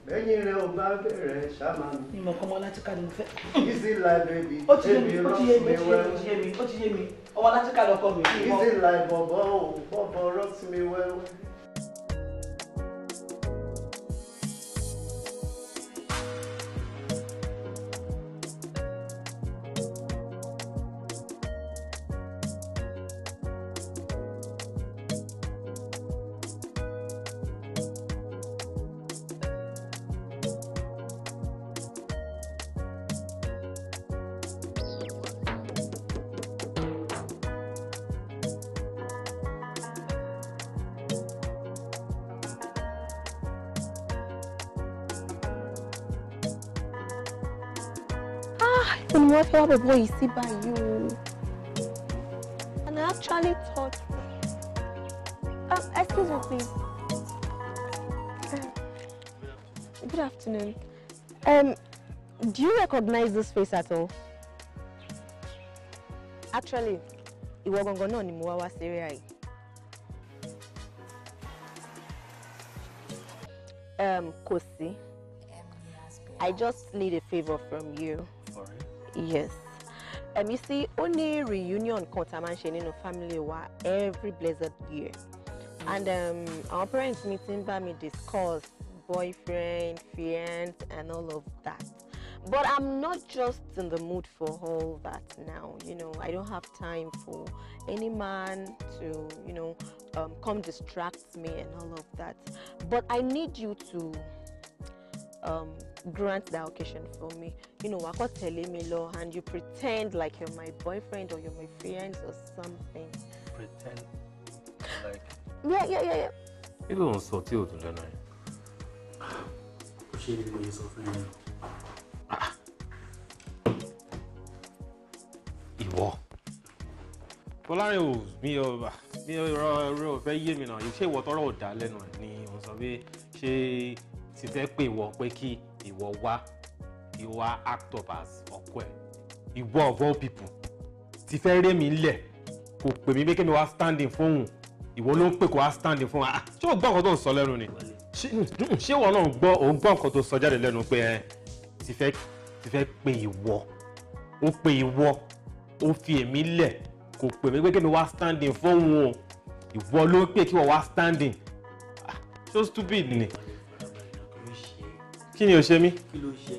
lẹ́yìn rẹ ò bá bẹ̀rẹ̀ ṣáma mi. ìmọ̀ kan mọ́ láti ká ni mo fẹ́. easy life baby tẹ́bi rọ́ọ̀sì mi wẹ́wẹ́. ó ti yé mi ó ti yé mi ọmọ láti ká mi. easy life bọ̀bọ̀ ò bọ̀bọ̀ rọ́ọ̀sì mi wẹ́wẹ́. fẹ́ fọwọ́ bòbó yìí sí báyìí o and I actually thought um, excuse me please um, good afternoon um, do you recognize this face at all actually ìwọ gangan náà ni mo wá wá sí eré àyè. Um, Kosi, I just need a favor from you. yes and you see, only reunion kan in a family wa every blessed year and um, our parents meeting by me discuss boyfriend fiance and all of that but I'm not just in the mood for all that now you know I don't have time for any man to you know um, come distract me and all of that but I need you to um, grant that occasion for me. You know, wá kọ́ tẹ̀lé mi lọ and you pretend like you're my boyfriend or you're my friend or something. Pretend like. Yeah, yeah, yeah, yeah. Kí ló ń sọ tí o dùn lẹ́nu yẹn? Ó ṣe é lè sọ fún yín. Ìwọ. Fọlárin ò mi ò mi ò rọ ọ̀rọ̀ ọ̀fẹ́ yé mi náà. Ṣé ìwọ tọrọ ò dá lẹ́nu ẹ̀ ni? Mo sọ pé ṣé sì fẹ́ pè wọ́ pé kí ìwọ wá kí ó act up as ọkọ ẹ̀ ìwọ of all people sì fẹ́ rẹ́ mi lẹ̀ kò pè mí pé kí mi wá standing fóun ìwọ ló ń pè kó wá standing fóun ah ṣé o gbọ́ nǹkan tó ń sọ lẹ́nu ni hmm, hmm, ṣé ìwọ náà gbọ́ òun gbọ́ nǹkan tó sọ jáde lẹ́nu pé ẹ sì fẹ́ sì fẹ́ pè ìwọ ó pè ìwọ ó fi èmi lẹ̀ kò pè mí pé kí mi wá standing fóun o ìwọ ló ń pè kí wọ́n wá standing ah so stupid ni kí ni o ṣe mí. kí ló ṣe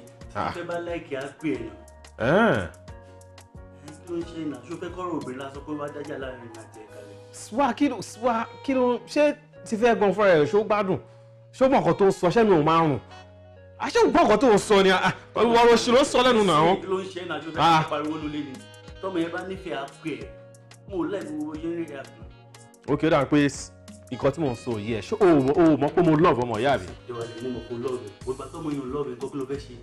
ṣe bá láìkí á pè é nà. kí ló ṣe nà ṣó fẹ́ kọ́rọ̀ obìnrin la sọ pé wá dájà láàrin ìrìn àti ẹ̀ka rẹ̀. wá kí ló wá kí ló ṣé ti fẹ́ gan fúnra ẹ̀ ṣó gbádùn ṣó mọ̀ nǹkan tó ń sọ ṣẹ́ mi ò máa rùn àṣẹ ògbọ́n nǹkan tó ń sọ ni ọ̀rọ̀ òṣì ló ń sọ lẹ́nu náà. kí ló ń ṣe nà ṣó fẹ́ ah. pariwo lólé ni tọ́mọ yẹn bá nífẹ̀ẹ́ á pè é mo nǹkan tí mò ń sọ yìí ẹ ṣé o mọ̀ pé mo love ọmọ ìyá mi. ìwà lè mo kò love mo yẹn love nǹkan kí ló fẹ́ ṣe.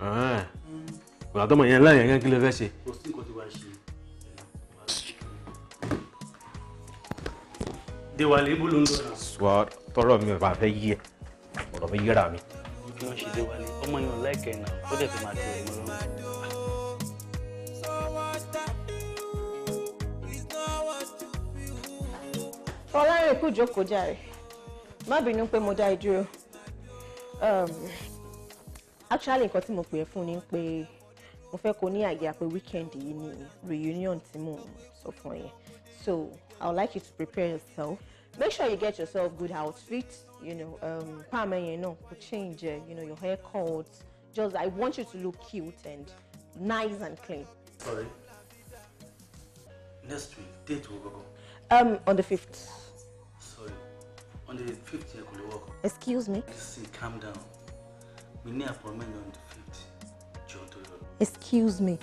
ìgbà ah, tọmọ yẹn láyẹn yẹn kí ló fẹ́ ṣe. kò sí nǹkan tí wàá ṣe. déwàlé ibú ló ń lọ. fẹ́ yí ẹ ọ̀rọ̀ mi yíra mi. ọmọ yẹn ò láìkẹ́ náà ó dẹ̀ fi Fọlárìn kú jókòó jàre. Má bínú pé mo dá ẹ dúró. Um, actually nǹkan tí mo pè é fún ni pé mo fẹ́ kó ní àyà pé weekend yìí ni reunion tí mo sọ fún yẹn. So I would like you to prepare yourself. Make sure you get yourself good outfit, you know, um, palm and you know, change, you know, your hair cut. Just I want you to look cute and nice and clean. Sorry. Next week, date will go. Um, on the fifth. On the 5th year, could work. Excuse me? See, calm down. We need appointment on the 5th. Excuse me.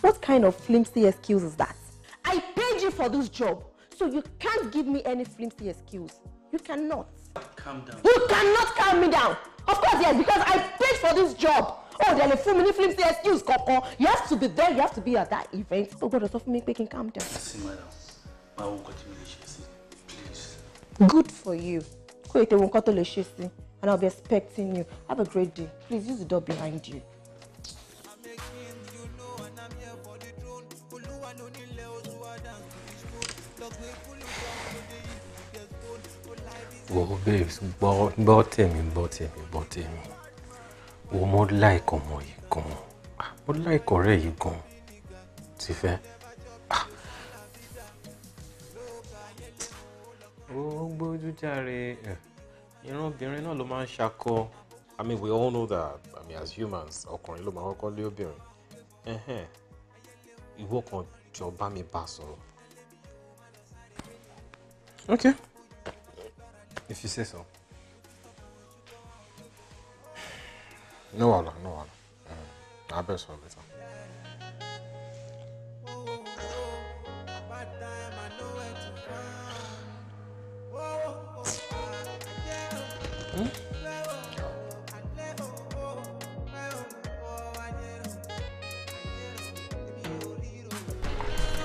What kind of flimsy excuse is that? I paid you for this job, so you can't give me any flimsy excuse. You cannot. Calm down. You cannot calm me down. Of course, yes, because I paid for this job. Oh, there are a full many flimsy excuse, Coco. You have to be there, you have to be at that event. Oh, God, it's off me, making calm down. See, madam, my own continuation. good for you kó ètò ohun kan tó lè ṣe and I'll be expecting you have a great day please use the door behind you. Oh, babes gbọ́ gbọ́ tèmi gbọ́ tèmi gbọ́ tèmi wo mo like ọmọ yìí gan-an ah, mo láìkọ̀ ọ̀rẹ́ yìí gan-an ti fẹ́. ó gbójú jàre ìran eh, obìnrin náà ló máa ń ṣakọ i mean we all know that i mean as humans ọkùnrin ló máa kọ́kọ́ lé obìnrin ìwọ kan jọ bá mi bá sọ̀rọ̀. okay if you say so. no wahala no wahala uh, abeg sọ̀rọ̀ later.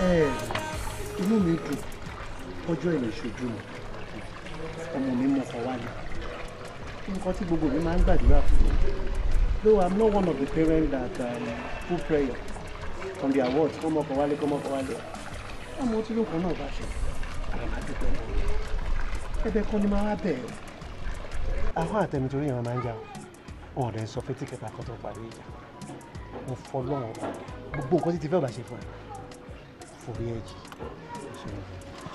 inú mi dùn ọjọ́ ìlẹ̀ ṣojú mi ọmọ mi mọ̀ wá ní nǹkan tí gbogbo mi máa ń gbàdúrà fún though I'm not one of the parents that um, put prayer on their words kọ́ mọ́kọ́ wálé kọ́ mọ́kọ́ wálé ọmọ tí lóko náà bá ṣe àwọn máa kan ni máa wá bẹ̀ ẹ́. àtẹ̀mí torí ìran máa ń jà wọn ọ̀dẹ̀ sọ fún tíkẹ́tà parí ìjà mo fọ́ lọ́wọ́ gbogbo nǹkan tí ti fẹ́ bá ṣe fún ẹ forí ẹ̀jì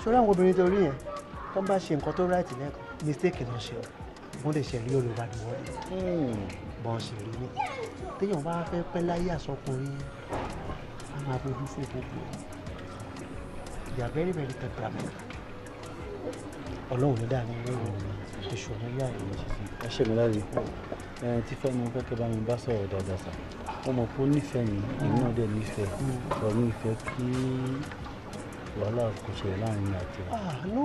ṣọ́ra àwọn obìnrin torí yẹn tó ń bá ṣe nǹkan tó ráìtì lẹ́kọ̀ọ́ mistake náà ṣe ọ́ wọ́n lè ṣe rí olùwà ni wọ́n lè hmm. bọ́n ṣe rí ni téèyàn bá fẹ́ pẹ́ láyé àsọkùnrin a máa bójú fún gbogbo they very very temperamental ọlọ́run ló dà ní ilé ìwọ̀n mi ìṣòro yà ní ìṣẹ̀ṣẹ̀. ẹ ṣe mi láti ẹ ti fẹ́ mi fẹ́ kí bá mi bá sọ̀rọ̀ dáadáa sáà ó mọ̀ pé ó nífẹ̀ẹ́ yìí èmi náà dẹ̀ nífẹ̀ẹ́ ọ̀ mi ìfẹ́ kí wàhálà kò ṣẹlẹ̀ láàrin àti ah, no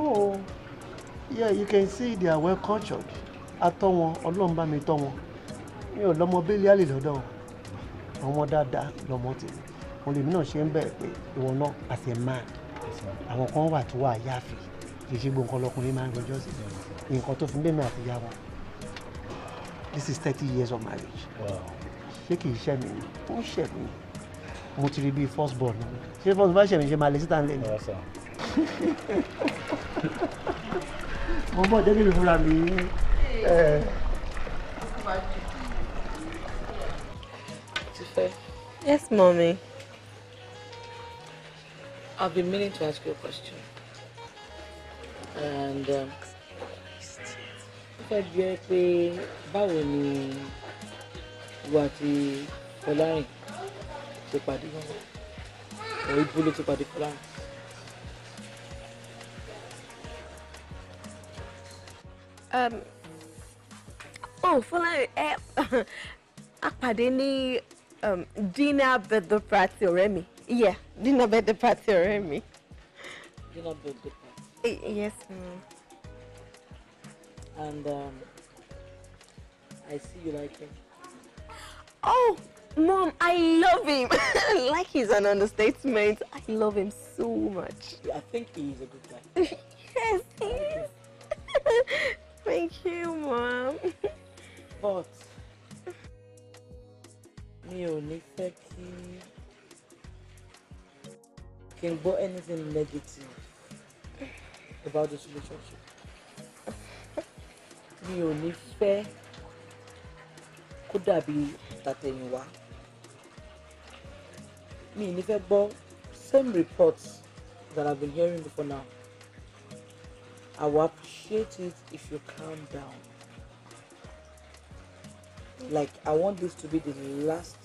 yeah you can see they are well cultured atọ́ wọn ọlọ́run bá mi tọ́ wọn mi ò lọ́mọ bílíàlì lọ́dọ̀ ọmọ dáadáa lọ́mọ tèmi òun lèmi náà ṣe ń bẹ̀rẹ̀ pé ìwọ náà as a man àwọn kan wà tó wà yáàfin kì í ṣe gbogbo ọlọkùnrin máa ń gbọjọ sí nǹkan tó fi bẹ́ẹ̀ mi àti yá wọn this is thirty years of marriage. Wow ṣé kì í ṣẹ̀ mí ó ń ṣẹ̀ mí mo ti rí bíi first born ni ṣé first born ṣẹ̀ mí ṣe máa lè síta ńlẹ̀ ni. mo bọ̀ jẹ́ mi fúnra mi. Yes, mommy. I've been meaning to ask you a question. And um, ó fẹ́ bí wo àti fọlárìn ti pàdé gbọ́ngàn ọ̀ ibo ló ti pàdé fọlárìn. Um, oh fọlárìn ẹ a pàdé ní um, dinner birthday party ọ̀rẹ́ mi yeah dinner birthday party ọ̀rẹ́ mi. dinner birthday party. yes and um, I see you like it. Oh, Mom, I love him. like he's an understatement. I love him so much. I think he's a good guy. yes, he is. Thank you, Mom. But you only ní fẹ́ kí kí bring anything negative about this relationship. You only ní could that be mi ì Me fẹ́ gbọ́ same reports that I've been hearing before now I will appreciate it if you calm down like I want this to be the last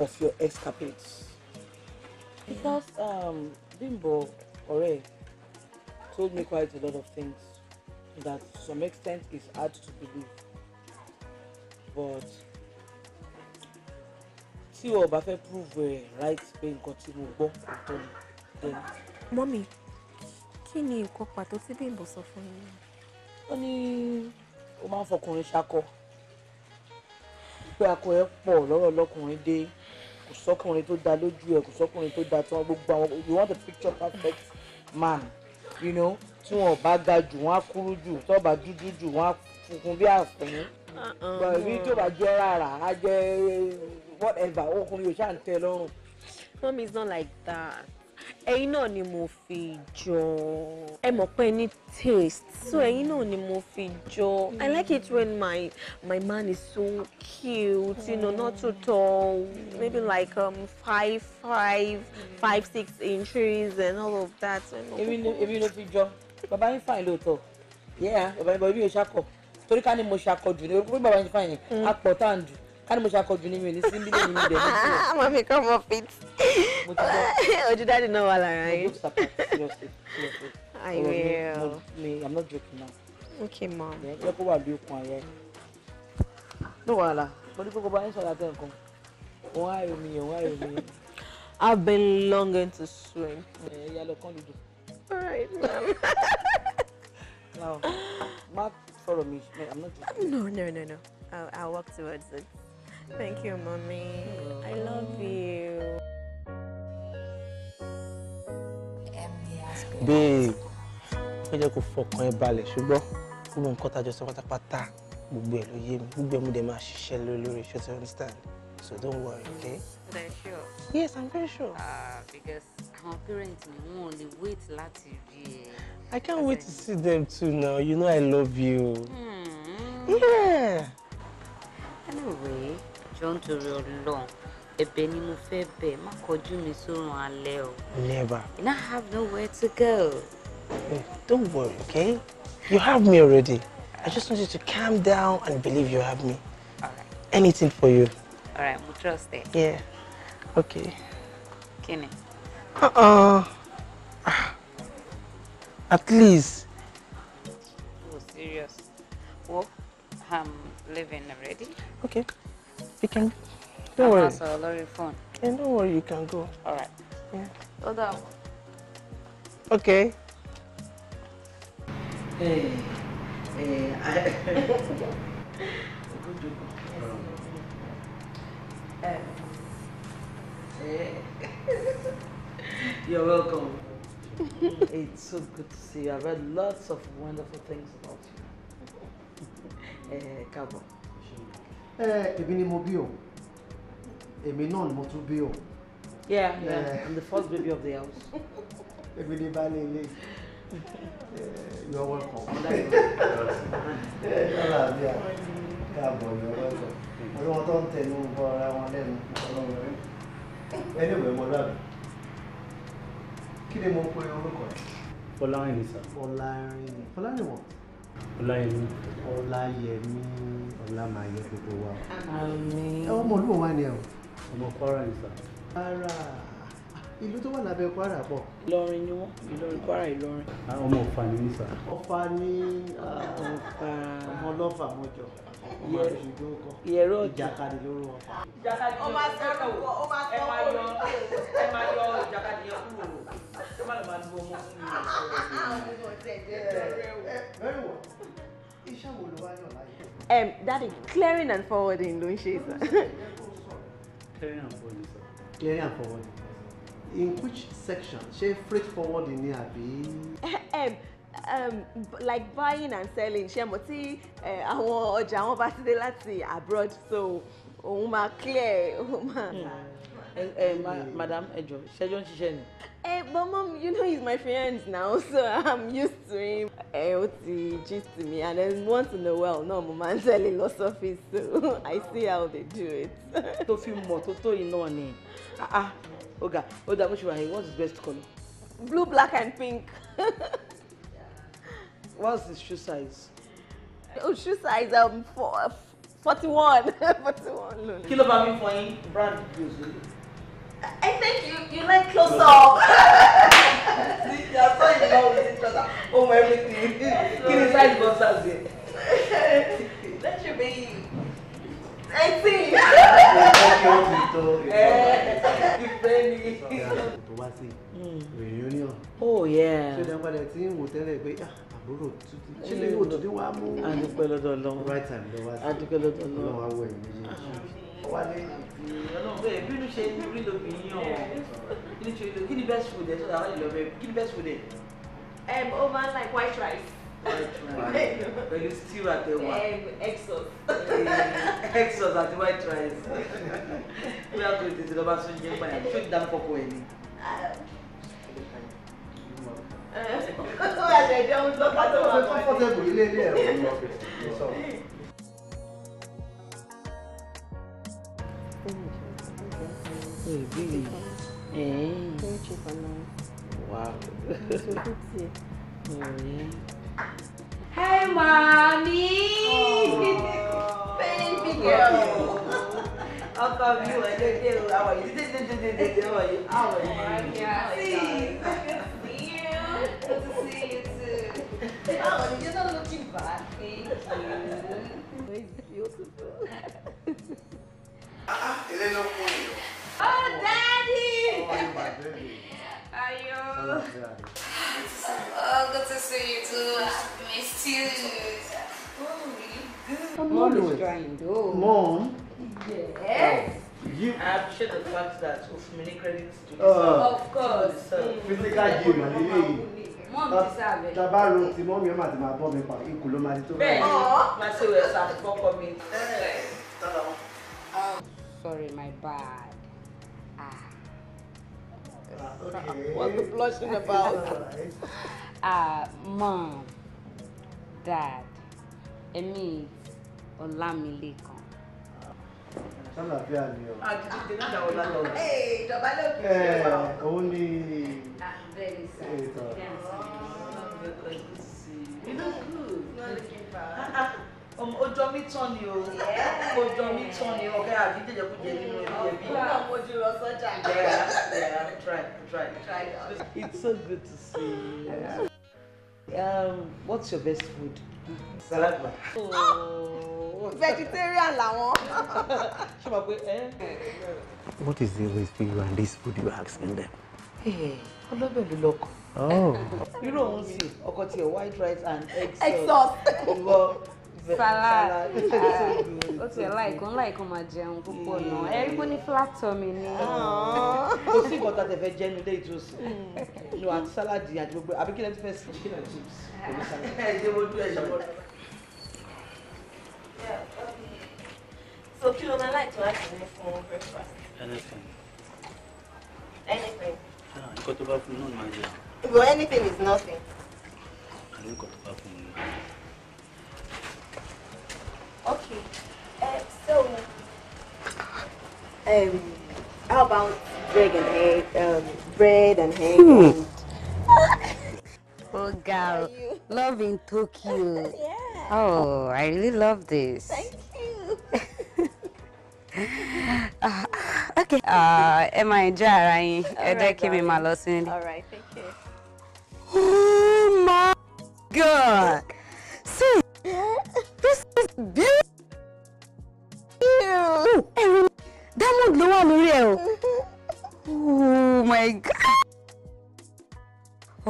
of your escapades because um, Bimbo ọ̀rẹ́ told me quite a lot of things that to some extent is hard to believe but tí o bá fẹ́ prove ẹ̀ right pé nǹkan tí mo gbọ́ kò tọ́ ni then. mọ́mì kí ni nǹkan pàtó tí Bímbọ́ sọ fún yín. ó ní ó máa ń fọkùnrin ṣakọ pé akọ ẹ pọ̀ lọ́rọ̀ lọ́kùnrin dé kò da lójú ẹ̀ kò sọ́kùnrin tó da tí gbogbo àwọn you want a picture perfect man you know tí wọ́n bá ga jù wọ́n á kúrú jù tí wọ́n funfun bí àfẹ́yìn Uh-uh. but rí tó bá jẹ́ rárá á jẹ́ whatever ọkùnrin yóò ṣáà ń tẹ lọ́rùn. mom is not like that ẹ̀yin náà ni mo fi jọ ẹ mọ̀ pé ní taste so ẹ̀yin náà ni mo fi jọ i like it when my my man is so cute you know not too tall maybe like um, five five five six inches and all of that. èmi ló fi jọ bàbá yín fine lóòótọ́ yẹ́à bàbá yín bọ̀ ibi yóò ṣàkọ́ torí ká ní mo ṣàkọjù ní orúkọ bàbá yín fàyìn apọ̀ tá ká ní mo ṣàkọjù ní mi ò ní sí nílé mi níbẹ̀ ní sí. mi kọ́ mọ fit ojú dáàdì náà wà lára yín. I oh, will. I'm not joking now. Okay, mom. Jẹ́ kó wà bí okun ayẹ. Ní wàhálà, mo ní kókó bá yín sọ̀rọ̀ àti nǹkan. Òun ayò mi òun ayò mi I've been longing to swim. Ẹ̀yà lọ kán lùdù. All right, ma'am. Now, Mark sọ̀rọ̀ mi i'm not no no no no i'll, I'll work towards it thank you mommy i love you. babe wọ́n jẹ́ kó fọkàn ẹ balẹ̀ ṣùgbọ́n gbogbo nǹkan tàjọ sọ pátápátá gbogbo ẹ̀ ló yé mi gbogbo ẹ̀ mú dẹ̀ máa ṣiṣẹ́ lórí ṣọ́tí understand so don't worry okay sure. Yes, I'm very sure. Uh, because our parents won't wait láti rí ẹ. I can't wait to see them too now. You know I love you. Mm. Yeah. Anyway, John torí Ọlọ́run. Ẹ̀bẹ̀ ni mo fẹ́ bẹ̀, má kọjú Never. And I have nowhere to go. Eh, don't worry, okay? You have me already. I just want you to calm down and believe you have me. All right. Anything for you. All right, we'll trust it. Yeah. Okay. Kíni? oh. Uh-uh. At least. Oh, serious. Well, I'm leaving already. Okay. You can. Don't I'm worry. Also, Lori phone. And yeah, don't worry, you can go. All right. Yeah. Hold on. Okay. Hey. Hey. I... Good job. Yes, yes, um, yes. Um, You're welcome. it's so good to see you. I've read lots of wonderful things about you. Eh, Kabo. Eh, èmi ni mo bí o. Èmi náà Yeah, eh. yeah. I'm the first baby of the house. Èmi ni baálé eh, You're welcome. Lọ́la eh, bí a you're welcome. Ọlọ́run tó ń tẹnu bọ ara wọn lẹ́nu. Ọlọ́run rẹ̀ ẹni ìwé ọmọ náà kí ni mo pe orúkọ ẹ. Fọlárin ni sir. Fọlárin Fọlárin wọ. Ọláyẹmí. Ọláyẹmí Ọlámáyé gbogbo wa. Àmín. Ọmọ olúwo wa ni ẹ o. Ọmọ Kwara ni sir. Kwara ìlú tó wà lábẹ́ Kwara pọ̀. Ìlọrin ni wọ́n Ìlọrin Kwara Ìlọrin. Ah, ọmọ Ọ̀fà ni mí sà. Ọ̀fà ni ah, Ọ̀fà ọmọ ọlọ́fà mọ́jọ ìyẹ̀rọ ọjà ìjàkadì lórí wọn fa. ìjàkadì ló máa sọ kó o máa sọ kó o ẹ máa yọ ìjàkadì yẹn kúrò ó má lè máa lu ọmọ fún mi. Ah, iṣẹ́ wo ló wá yàn láyé. that is clearing and forwarding ló ń ṣe sir. clearing and forwarding clearing and forwarding in which section ṣé freight forwarding ni àbí um, like buying and selling ṣe mọ̀ tí àwọn ọjà wọn bá ti dé láti abroad so òun máa clear òun máa. Hmm. ẹ madam ẹjọ ṣẹjọ ń ṣiṣẹ́ ni. eh. but mom you know he's my friend now so i'm used to him. ẹ ó ti gist me and then once in a while náà mo máa ń tẹ̀lé lọ sọ́fíìsì so i see how they do it. tó fi mọ̀ tó tó yìí náà ni ọ̀gá ah, ah, ó dàbí ṣùgbọ́n what's his best colour. blue black and pink what's his shoe size? Oh, shoe size um four, forty-one, forty-one. Kí for him, brand I think you you like close up. See, they are so in love with each other over oh, everything. Kí ni size boxers yẹn? That should be. I party hmm. reunion. oh yeah. ṣé dáa padà tí wò tẹ́lẹ̀ pé ah, àbúrò tuntun ṣé lè tuntun wàá mú. adúpẹ́ lọ́dọ̀ lọ́wọ́ right time lọ́wọ́ sí adúpẹ́ lọ́dọ̀ lọ́wọ́ lọ́wọ́ awọ ẹ̀yìn méjèèjì. Ah. wálé ọlọ́run ẹ̀ bínú ṣe rí lóbi yín ọ̀ kí ni best food ẹ̀ sọ́dọ̀ àwọn ìlọ bẹ́ẹ̀ kí ni best food ẹ̀. um over like white rice. white rice pẹ̀lú stew àtẹ̀wà. Um, egg sauce. Eh, egg àti white rice. bí a kò tètè lọ bá sún jẹ́ báyìí ṣó ìdánilọ́pọ̀ ẹ̀ ni. Hey, mommy. Aww. Oh. Baby girl. I'll you and just say, how are you? How are you? How are you? How are you? Good to see you too. How are you? You're not looking bad. Thank you. It's beautiful. Ah, it ain't no funny. Oh, daddy! How are you, my baby? Are you? Oh, good to see you too. i missed you. Oh, really good. Mom is trying to. Mom. Yes. You, I appreciate the fact that o fún mi ní to the uh, Of course. Mm. Physical gym àti ilé yìí. Mọ́ọ̀mù ti sáàbẹ̀. Tàbá ro ti mọ́ọ̀mù yẹn máa ti máa bọ́ mi pa ikú ló máa ti tó báyìí. Bẹ́ẹ̀ni, máa ṣe wẹ̀ sàn mi. Sorry, my bad. Ah. ah okay. What's the blushing about? Ah, mom, dad, Emi, Olamilekan tọ́làfíà ni ọ. àdìdì náà wọ́n lọ. ìjọba ló kì í ṣe eh, wà. òun ni. Ah, eh, ojú ah, ah, omi tán ni o ojú omi tán ni ọkẹ àbí jẹjẹ kú jẹ nínú ẹbí ẹbí. ọkọ àwọn ojú lọ sọjà. yeah yeah try try try. it's so good to see you. Um, what's your best food? Salad bar. Oh vegetarian làwọn. what is the waste you and this food you asking them. Eh, ọlọ́bẹ̀ ló lọ́kọ̀. Oh. irú òun sì ọkọ tiẹ̀ white rice and egg sauce. salad ó ti ẹ̀ láìkan láìkan máa jẹun púpọ̀ náà mm. ẹ rí ní flat tummy ni. kò sí nǹkan tá a ti fẹ́ jẹ́ nílé ìtòsí nu àti sálàdì àti gbogbo àbí kí lẹ́nu fẹ́ sí chips. ẹ jẹ́ mojú ẹ̀ ṣàkóso. Yeah. Um, so, Kilo, I'd like to ask you for breakfast. Anything. Anything. Yeah, you got over from noon, my dear. Well, anything is nothing. I didn't got over from Okay. Uh, so, um, how about bread and egg, um, bread and egg? Hmm. And... oh, girl, love in Tokyo. yeah. Oh, oh, I really love this. Thank you. uh, okay. Uh, am I jẹ́ ara yín. Ẹ jẹ́ kí mi máa All right, thank you. Oh my God! See, this is beautiful. Ẹ̀rù, diamond ló wà lórí ẹ̀ Oh my God!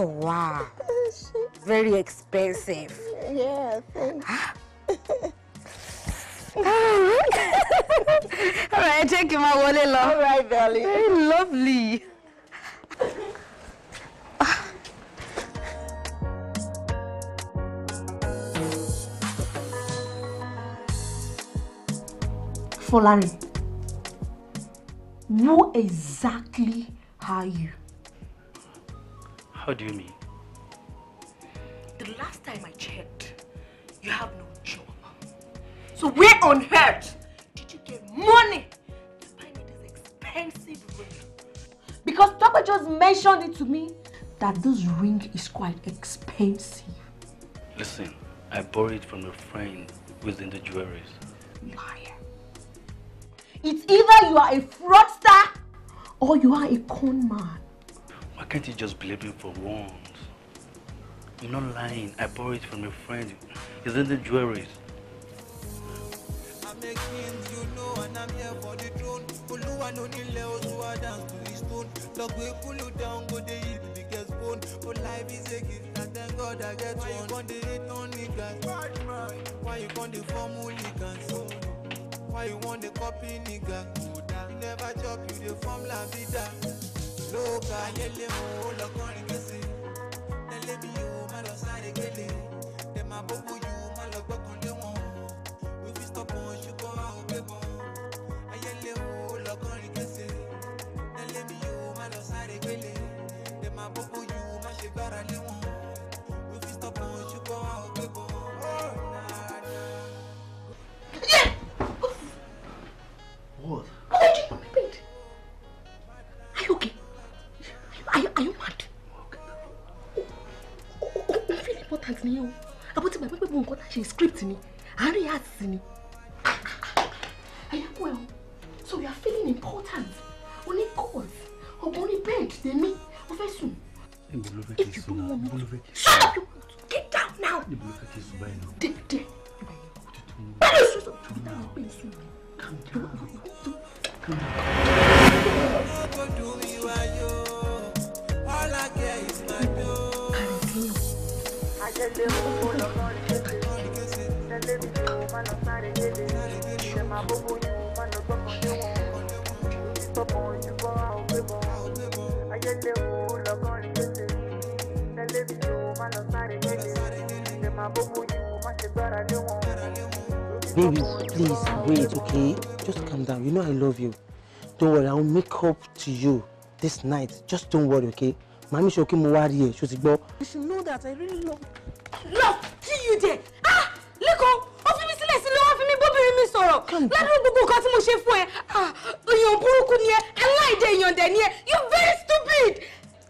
Oh, wow. Very expensive. Yeah, thank you. All right, you, my out, love. All right, darling. Very lovely. Folani, who exactly are you how do you mean? The last time I checked, you have no job. So where on earth did you get money to buy me this expensive ring? Because Toko just mentioned it to me that this ring is quite expensive. Listen, I borrowed it from a friend within the jewelries. Liar. It's either you are a fraudster or you are a con man. can't you just believe me for once? I'm not lying. I borrowed it from a friend. It's in the jewelry. I'm making you know, and I'm here for the throne. Olúwa ló nílẹ̀ Olúwa dance to his tone. Lọ gbé kúlù down, go dey hit the biggest bone. Oh, life is a gift, and thank God I get one. Why you con dey hate on niggas? Why you con dey form hooligans? Why you wan dey copy niggas? Never chop, you dey form vida lóòkà ayé léwu ó lọ kọrin kése tẹ́lẹ̀ bí o má lọ sáré gélé tẹ̀ máa bókú yọ. gbogbo nǹkan láṣẹ script ni àárín àti ni àyàwó ẹ̀ o so you are feeling important o ní cold ọgbọ́n ní bed dey me o fẹ́ sùn. if you don't want me shut up you get down now. dey there bẹ́ẹ̀ sọ sọ tó dáhùn pé n sùn. All I get is my Baby, please wait, okay? Just calm down. You know I love you. Don't worry, I'll make up to you this night. Just don't worry, okay? màmí ṣe kí mo wá rí ẹ ṣó ti gbọ́. you should know that i really love love see you there ah lẹ́kọ̀ọ́ ó fi mi sílẹ̀ sílẹ̀ wọ́n fi mi bóbìnrin mi sọ̀rọ̀ ládùúgbò gbogbo nǹkan tí mo ṣe fún ẹ ah èèyàn burúkú ni ẹ aláìdẹ èèyàn dẹ̀ ni ẹ you very stupid.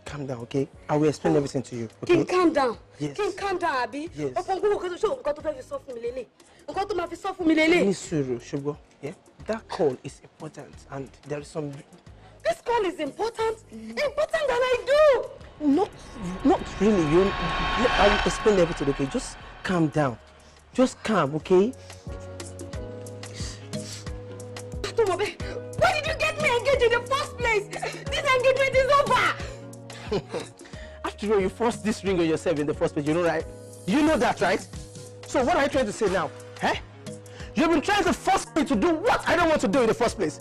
calm down okay i will explain everything to you. okay kí calm down yes kí calm down àbí ọ̀pọ̀ gbogbo nǹkan tó ṣe nǹkan tó fẹ́ fi sọ fún mi lélẹ̀ nǹkan tó máa fi sọ fún mi lélẹ̀. ní sùúrù ṣùgbọ́n that call is important and there is some This call is important. Important than I do. Not, not really. You, I'll explain everything, okay? Just calm down. Just calm, okay? Tomobe, why did you get me engaged in the first place? This engagement is over. After all, you forced this ring on yourself in the first place, you know, right? You know that, right? So what are you trying to say now? Eh? You've been trying to force me to do what I don't want to do in the first place.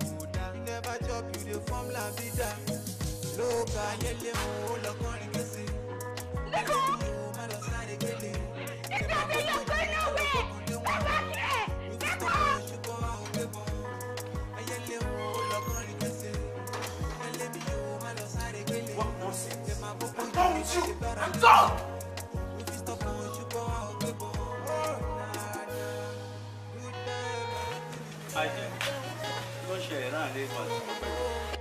never chop you dey form lóòkà ayẹlẹ mu ó lọ kọrin kése lẹkọọ má lọ sáré kele nígbà tí yóò gbé ní òwe bàbá kẹ lẹkọọ. ayẹlẹ mu ó lọ kọrin kése ẹlẹmi yóò má lọ sáré kele. I'm done with you. I'm done.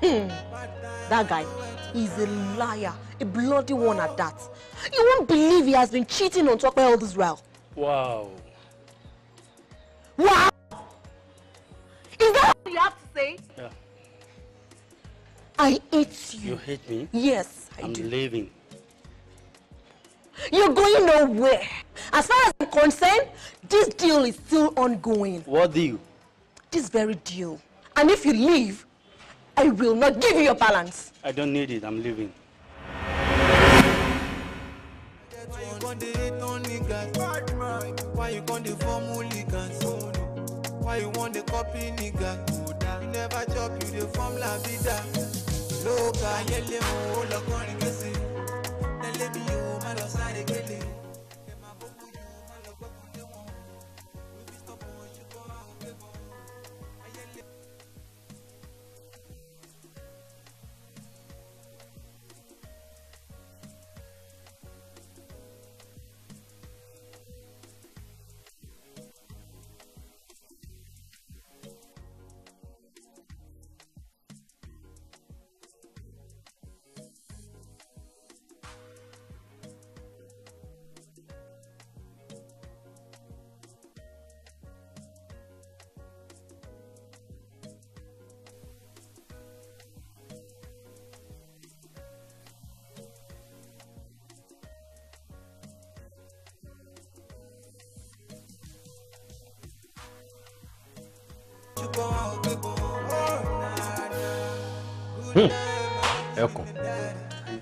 Hmm. that guy is a liar, a bloody one at that. You won't believe he has been cheating on of all this while. Wow. Wow! Is that all you have to say? Yeah. I hate you. You hate me? Yes, I I'm do. I'm leaving. You're going nowhere. As far as I'm concerned, this deal is still ongoing. What deal? This very deal. And if you leave, I will not give you your balance. I don't need it. I'm leaving. Why you gonna hate form hooligans? Why you want the copy nigga? You never chop, you the form la vida. Look, I yell, oh, look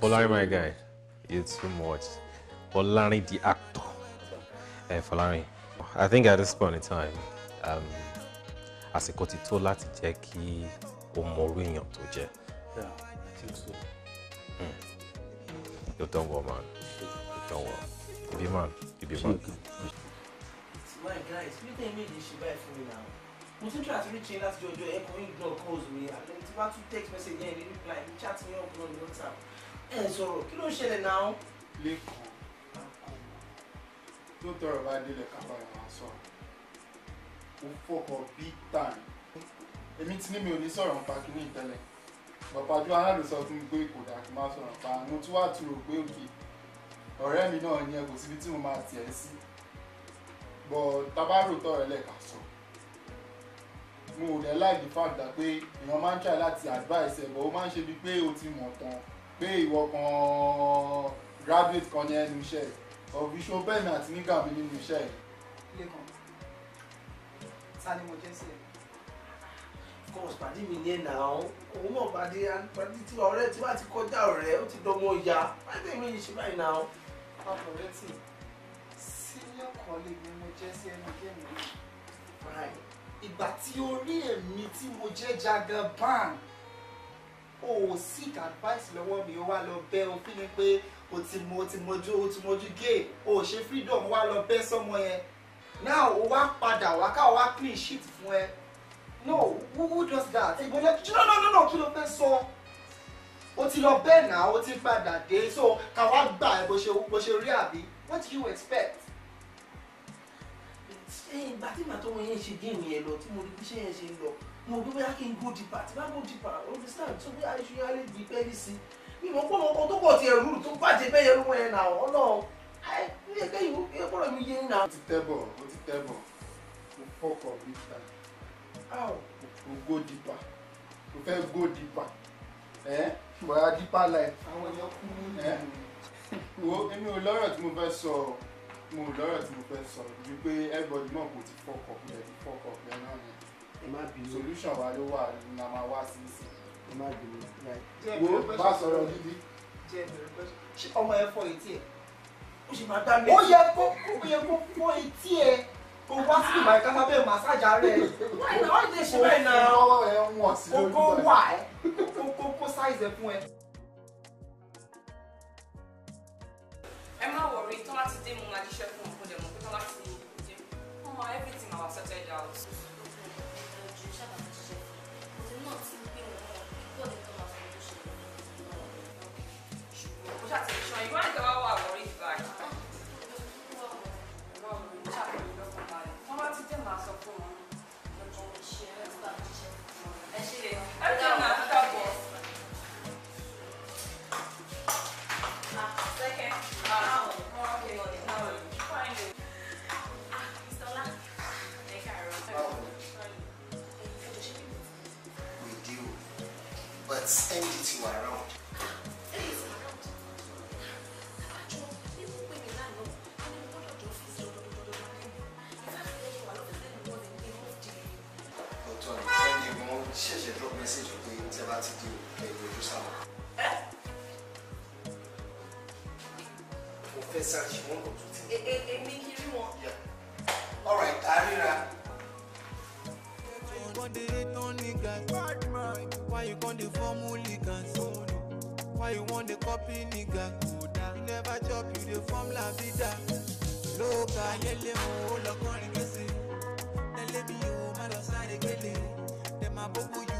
Folari, my guy, it's too much. Folari, the actor. Hey, Folari, I think at this point in time, um, àsìkò ti tó láti jẹ́ kí o mọ orú èèyàn Yeah, I think so. Mm. You've done well, man. You don't well. You be man. You be man. My guys, you tell me this should buy for me now. mo tún try to reach in láti jọjọ ẹkùnrin gbọ̀n calls mi àti tí wọ́n tún text message yẹn ní reply chat me up on WhatsApp ẹ sọ̀rọ̀ kí ló ń ṣẹlẹ̀ náà. lẹ́kọ̀ọ́ tó tọrọ bá délẹ̀ ká bára wa sọ ó fọkọ big time èmi ti ní mi ò ní sọ̀rọ̀ nípa kíní ìtẹ́lẹ̀ bàbájú aráàlú sọ fún mi pé kò dáa kí n má sọ̀rọ̀ nípa mo tún wá tún rò pé òkè ọ̀rẹ́ mi náà ní ẹ kò síbi tí mo máa tiẹ̀ sí bọ̀ tábàrò tọrọ lẹ́ka sọ mo ò dẹ̀ láì di fáàgbà pé èèyàn máa ń try láti advice ẹ̀ bọ̀ ó máa ń ṣe bíi pé o ti mọ̀ tán pé ìwọ kan graduate kan ní ẹnu iṣẹ́ ọ̀bíṣọ bẹ́ẹ̀ mi àti nígbà mi nínú iṣẹ́ yìí. lẹ́kàn ta ni mo jẹ́ sí ẹ̀. course pàdé mi ní ẹ̀nà ọ̀hún òun náà pàdé pàdé tí ọ̀rẹ́ tí wàá ti kọjá ọ̀rẹ́ ó ti dọmọ ìyá pàdé mi yìí ṣe báyìí náà. papọ̀ rẹ tì senior colleague ni mo jẹ́ sí ẹnu gẹ́mi. ìgbà tí orí èmi tí mo jẹ́ jagaban o ò seek advice lọ́wọ́ mi o wá lọ bẹ́ o fi ni pé o ti mo ti mojú o ti mojú gay o ò ṣe freedom o wá lọ bẹ́ sọ́mọ yẹn now o wá padà wá ká o wá clean sheet fún ẹ no who who does that ìbọn lẹ no no no no kí ló fẹ́ sọ o ti lọ bẹ́ẹ̀ náà o ti padà dé so ká wá gbà ẹ bó ṣe bó ṣe rí àbí what do you expect ìgbà tí màá tó wọn yẹn ṣe géèmù yẹn lọ tí mo rí bí iṣẹ́ yẹn ṣe ń lọ mo gbé bóyá kí n go deeper tí bá go deeper o fi sáà tó bí aṣọ alẹ́ di pẹ́ẹ́lí sí i mo kọ́ ọkọ tó pọ̀ ti ẹ̀rù rù tó bàjẹ́ bẹ́ẹ̀ yẹn lọ́wọ́ yẹn náà ọlọ́run ẹ kẹ́ ìwọ kí ọkọ mi yé nà. o ti tẹ́ bọ̀ o ti tẹ́ bọ̀ mo fọkọ̀ mi ta o go deeper o fẹ́ go deeper ẹ bọ̀dá deeper life. àwọn èèyàn kú ẹ wo èmi ò lọ́rọ̀ tí mo fẹ́ sọ mo ò lọ́rọ̀ tí mo fẹ́ sọ ju pé everybody náà kò ti fọkọ̀ pẹ̀lú fọkọ̀ pẹ̀lú náà yẹn solution wa ló wà ní a máa wá sí sí ẹ má bínú wo bá sọ̀rọ̀ gidi. ṣé ọmọ ẹ fọ etí ẹ ó ṣe máa dá mi. ó yẹ kó ó yẹ kó fọ etí ẹ kó wá sí ìgbà yẹn káfá bẹ́ẹ̀ màsájà rẹ̀ wọ́n náà wọ́n ti ṣe bẹ́ẹ̀ náà kókó wà ẹ́ kókó kó sáìzì ẹ fún ẹ. ẹ má wọrí tọ́lá ti dé mu máa jíṣẹ́ fún ọ̀pọ̀ dẹ̀ mọ̀ pé tọ́lá ti dé fún ọmọ everything our sorted out. person she won't go to things. Èmi kiri wọn. All right, Arira. Why you con dey hate niggas? Why you con dey copy nigga? You never chop, you dey form la vida. Lóòkà ayẹlẹ mo lọ́kàn rí gbèsè. Tẹ́lẹ̀ mi ò má lọ sáré gbélé. Dem àbókù yóò.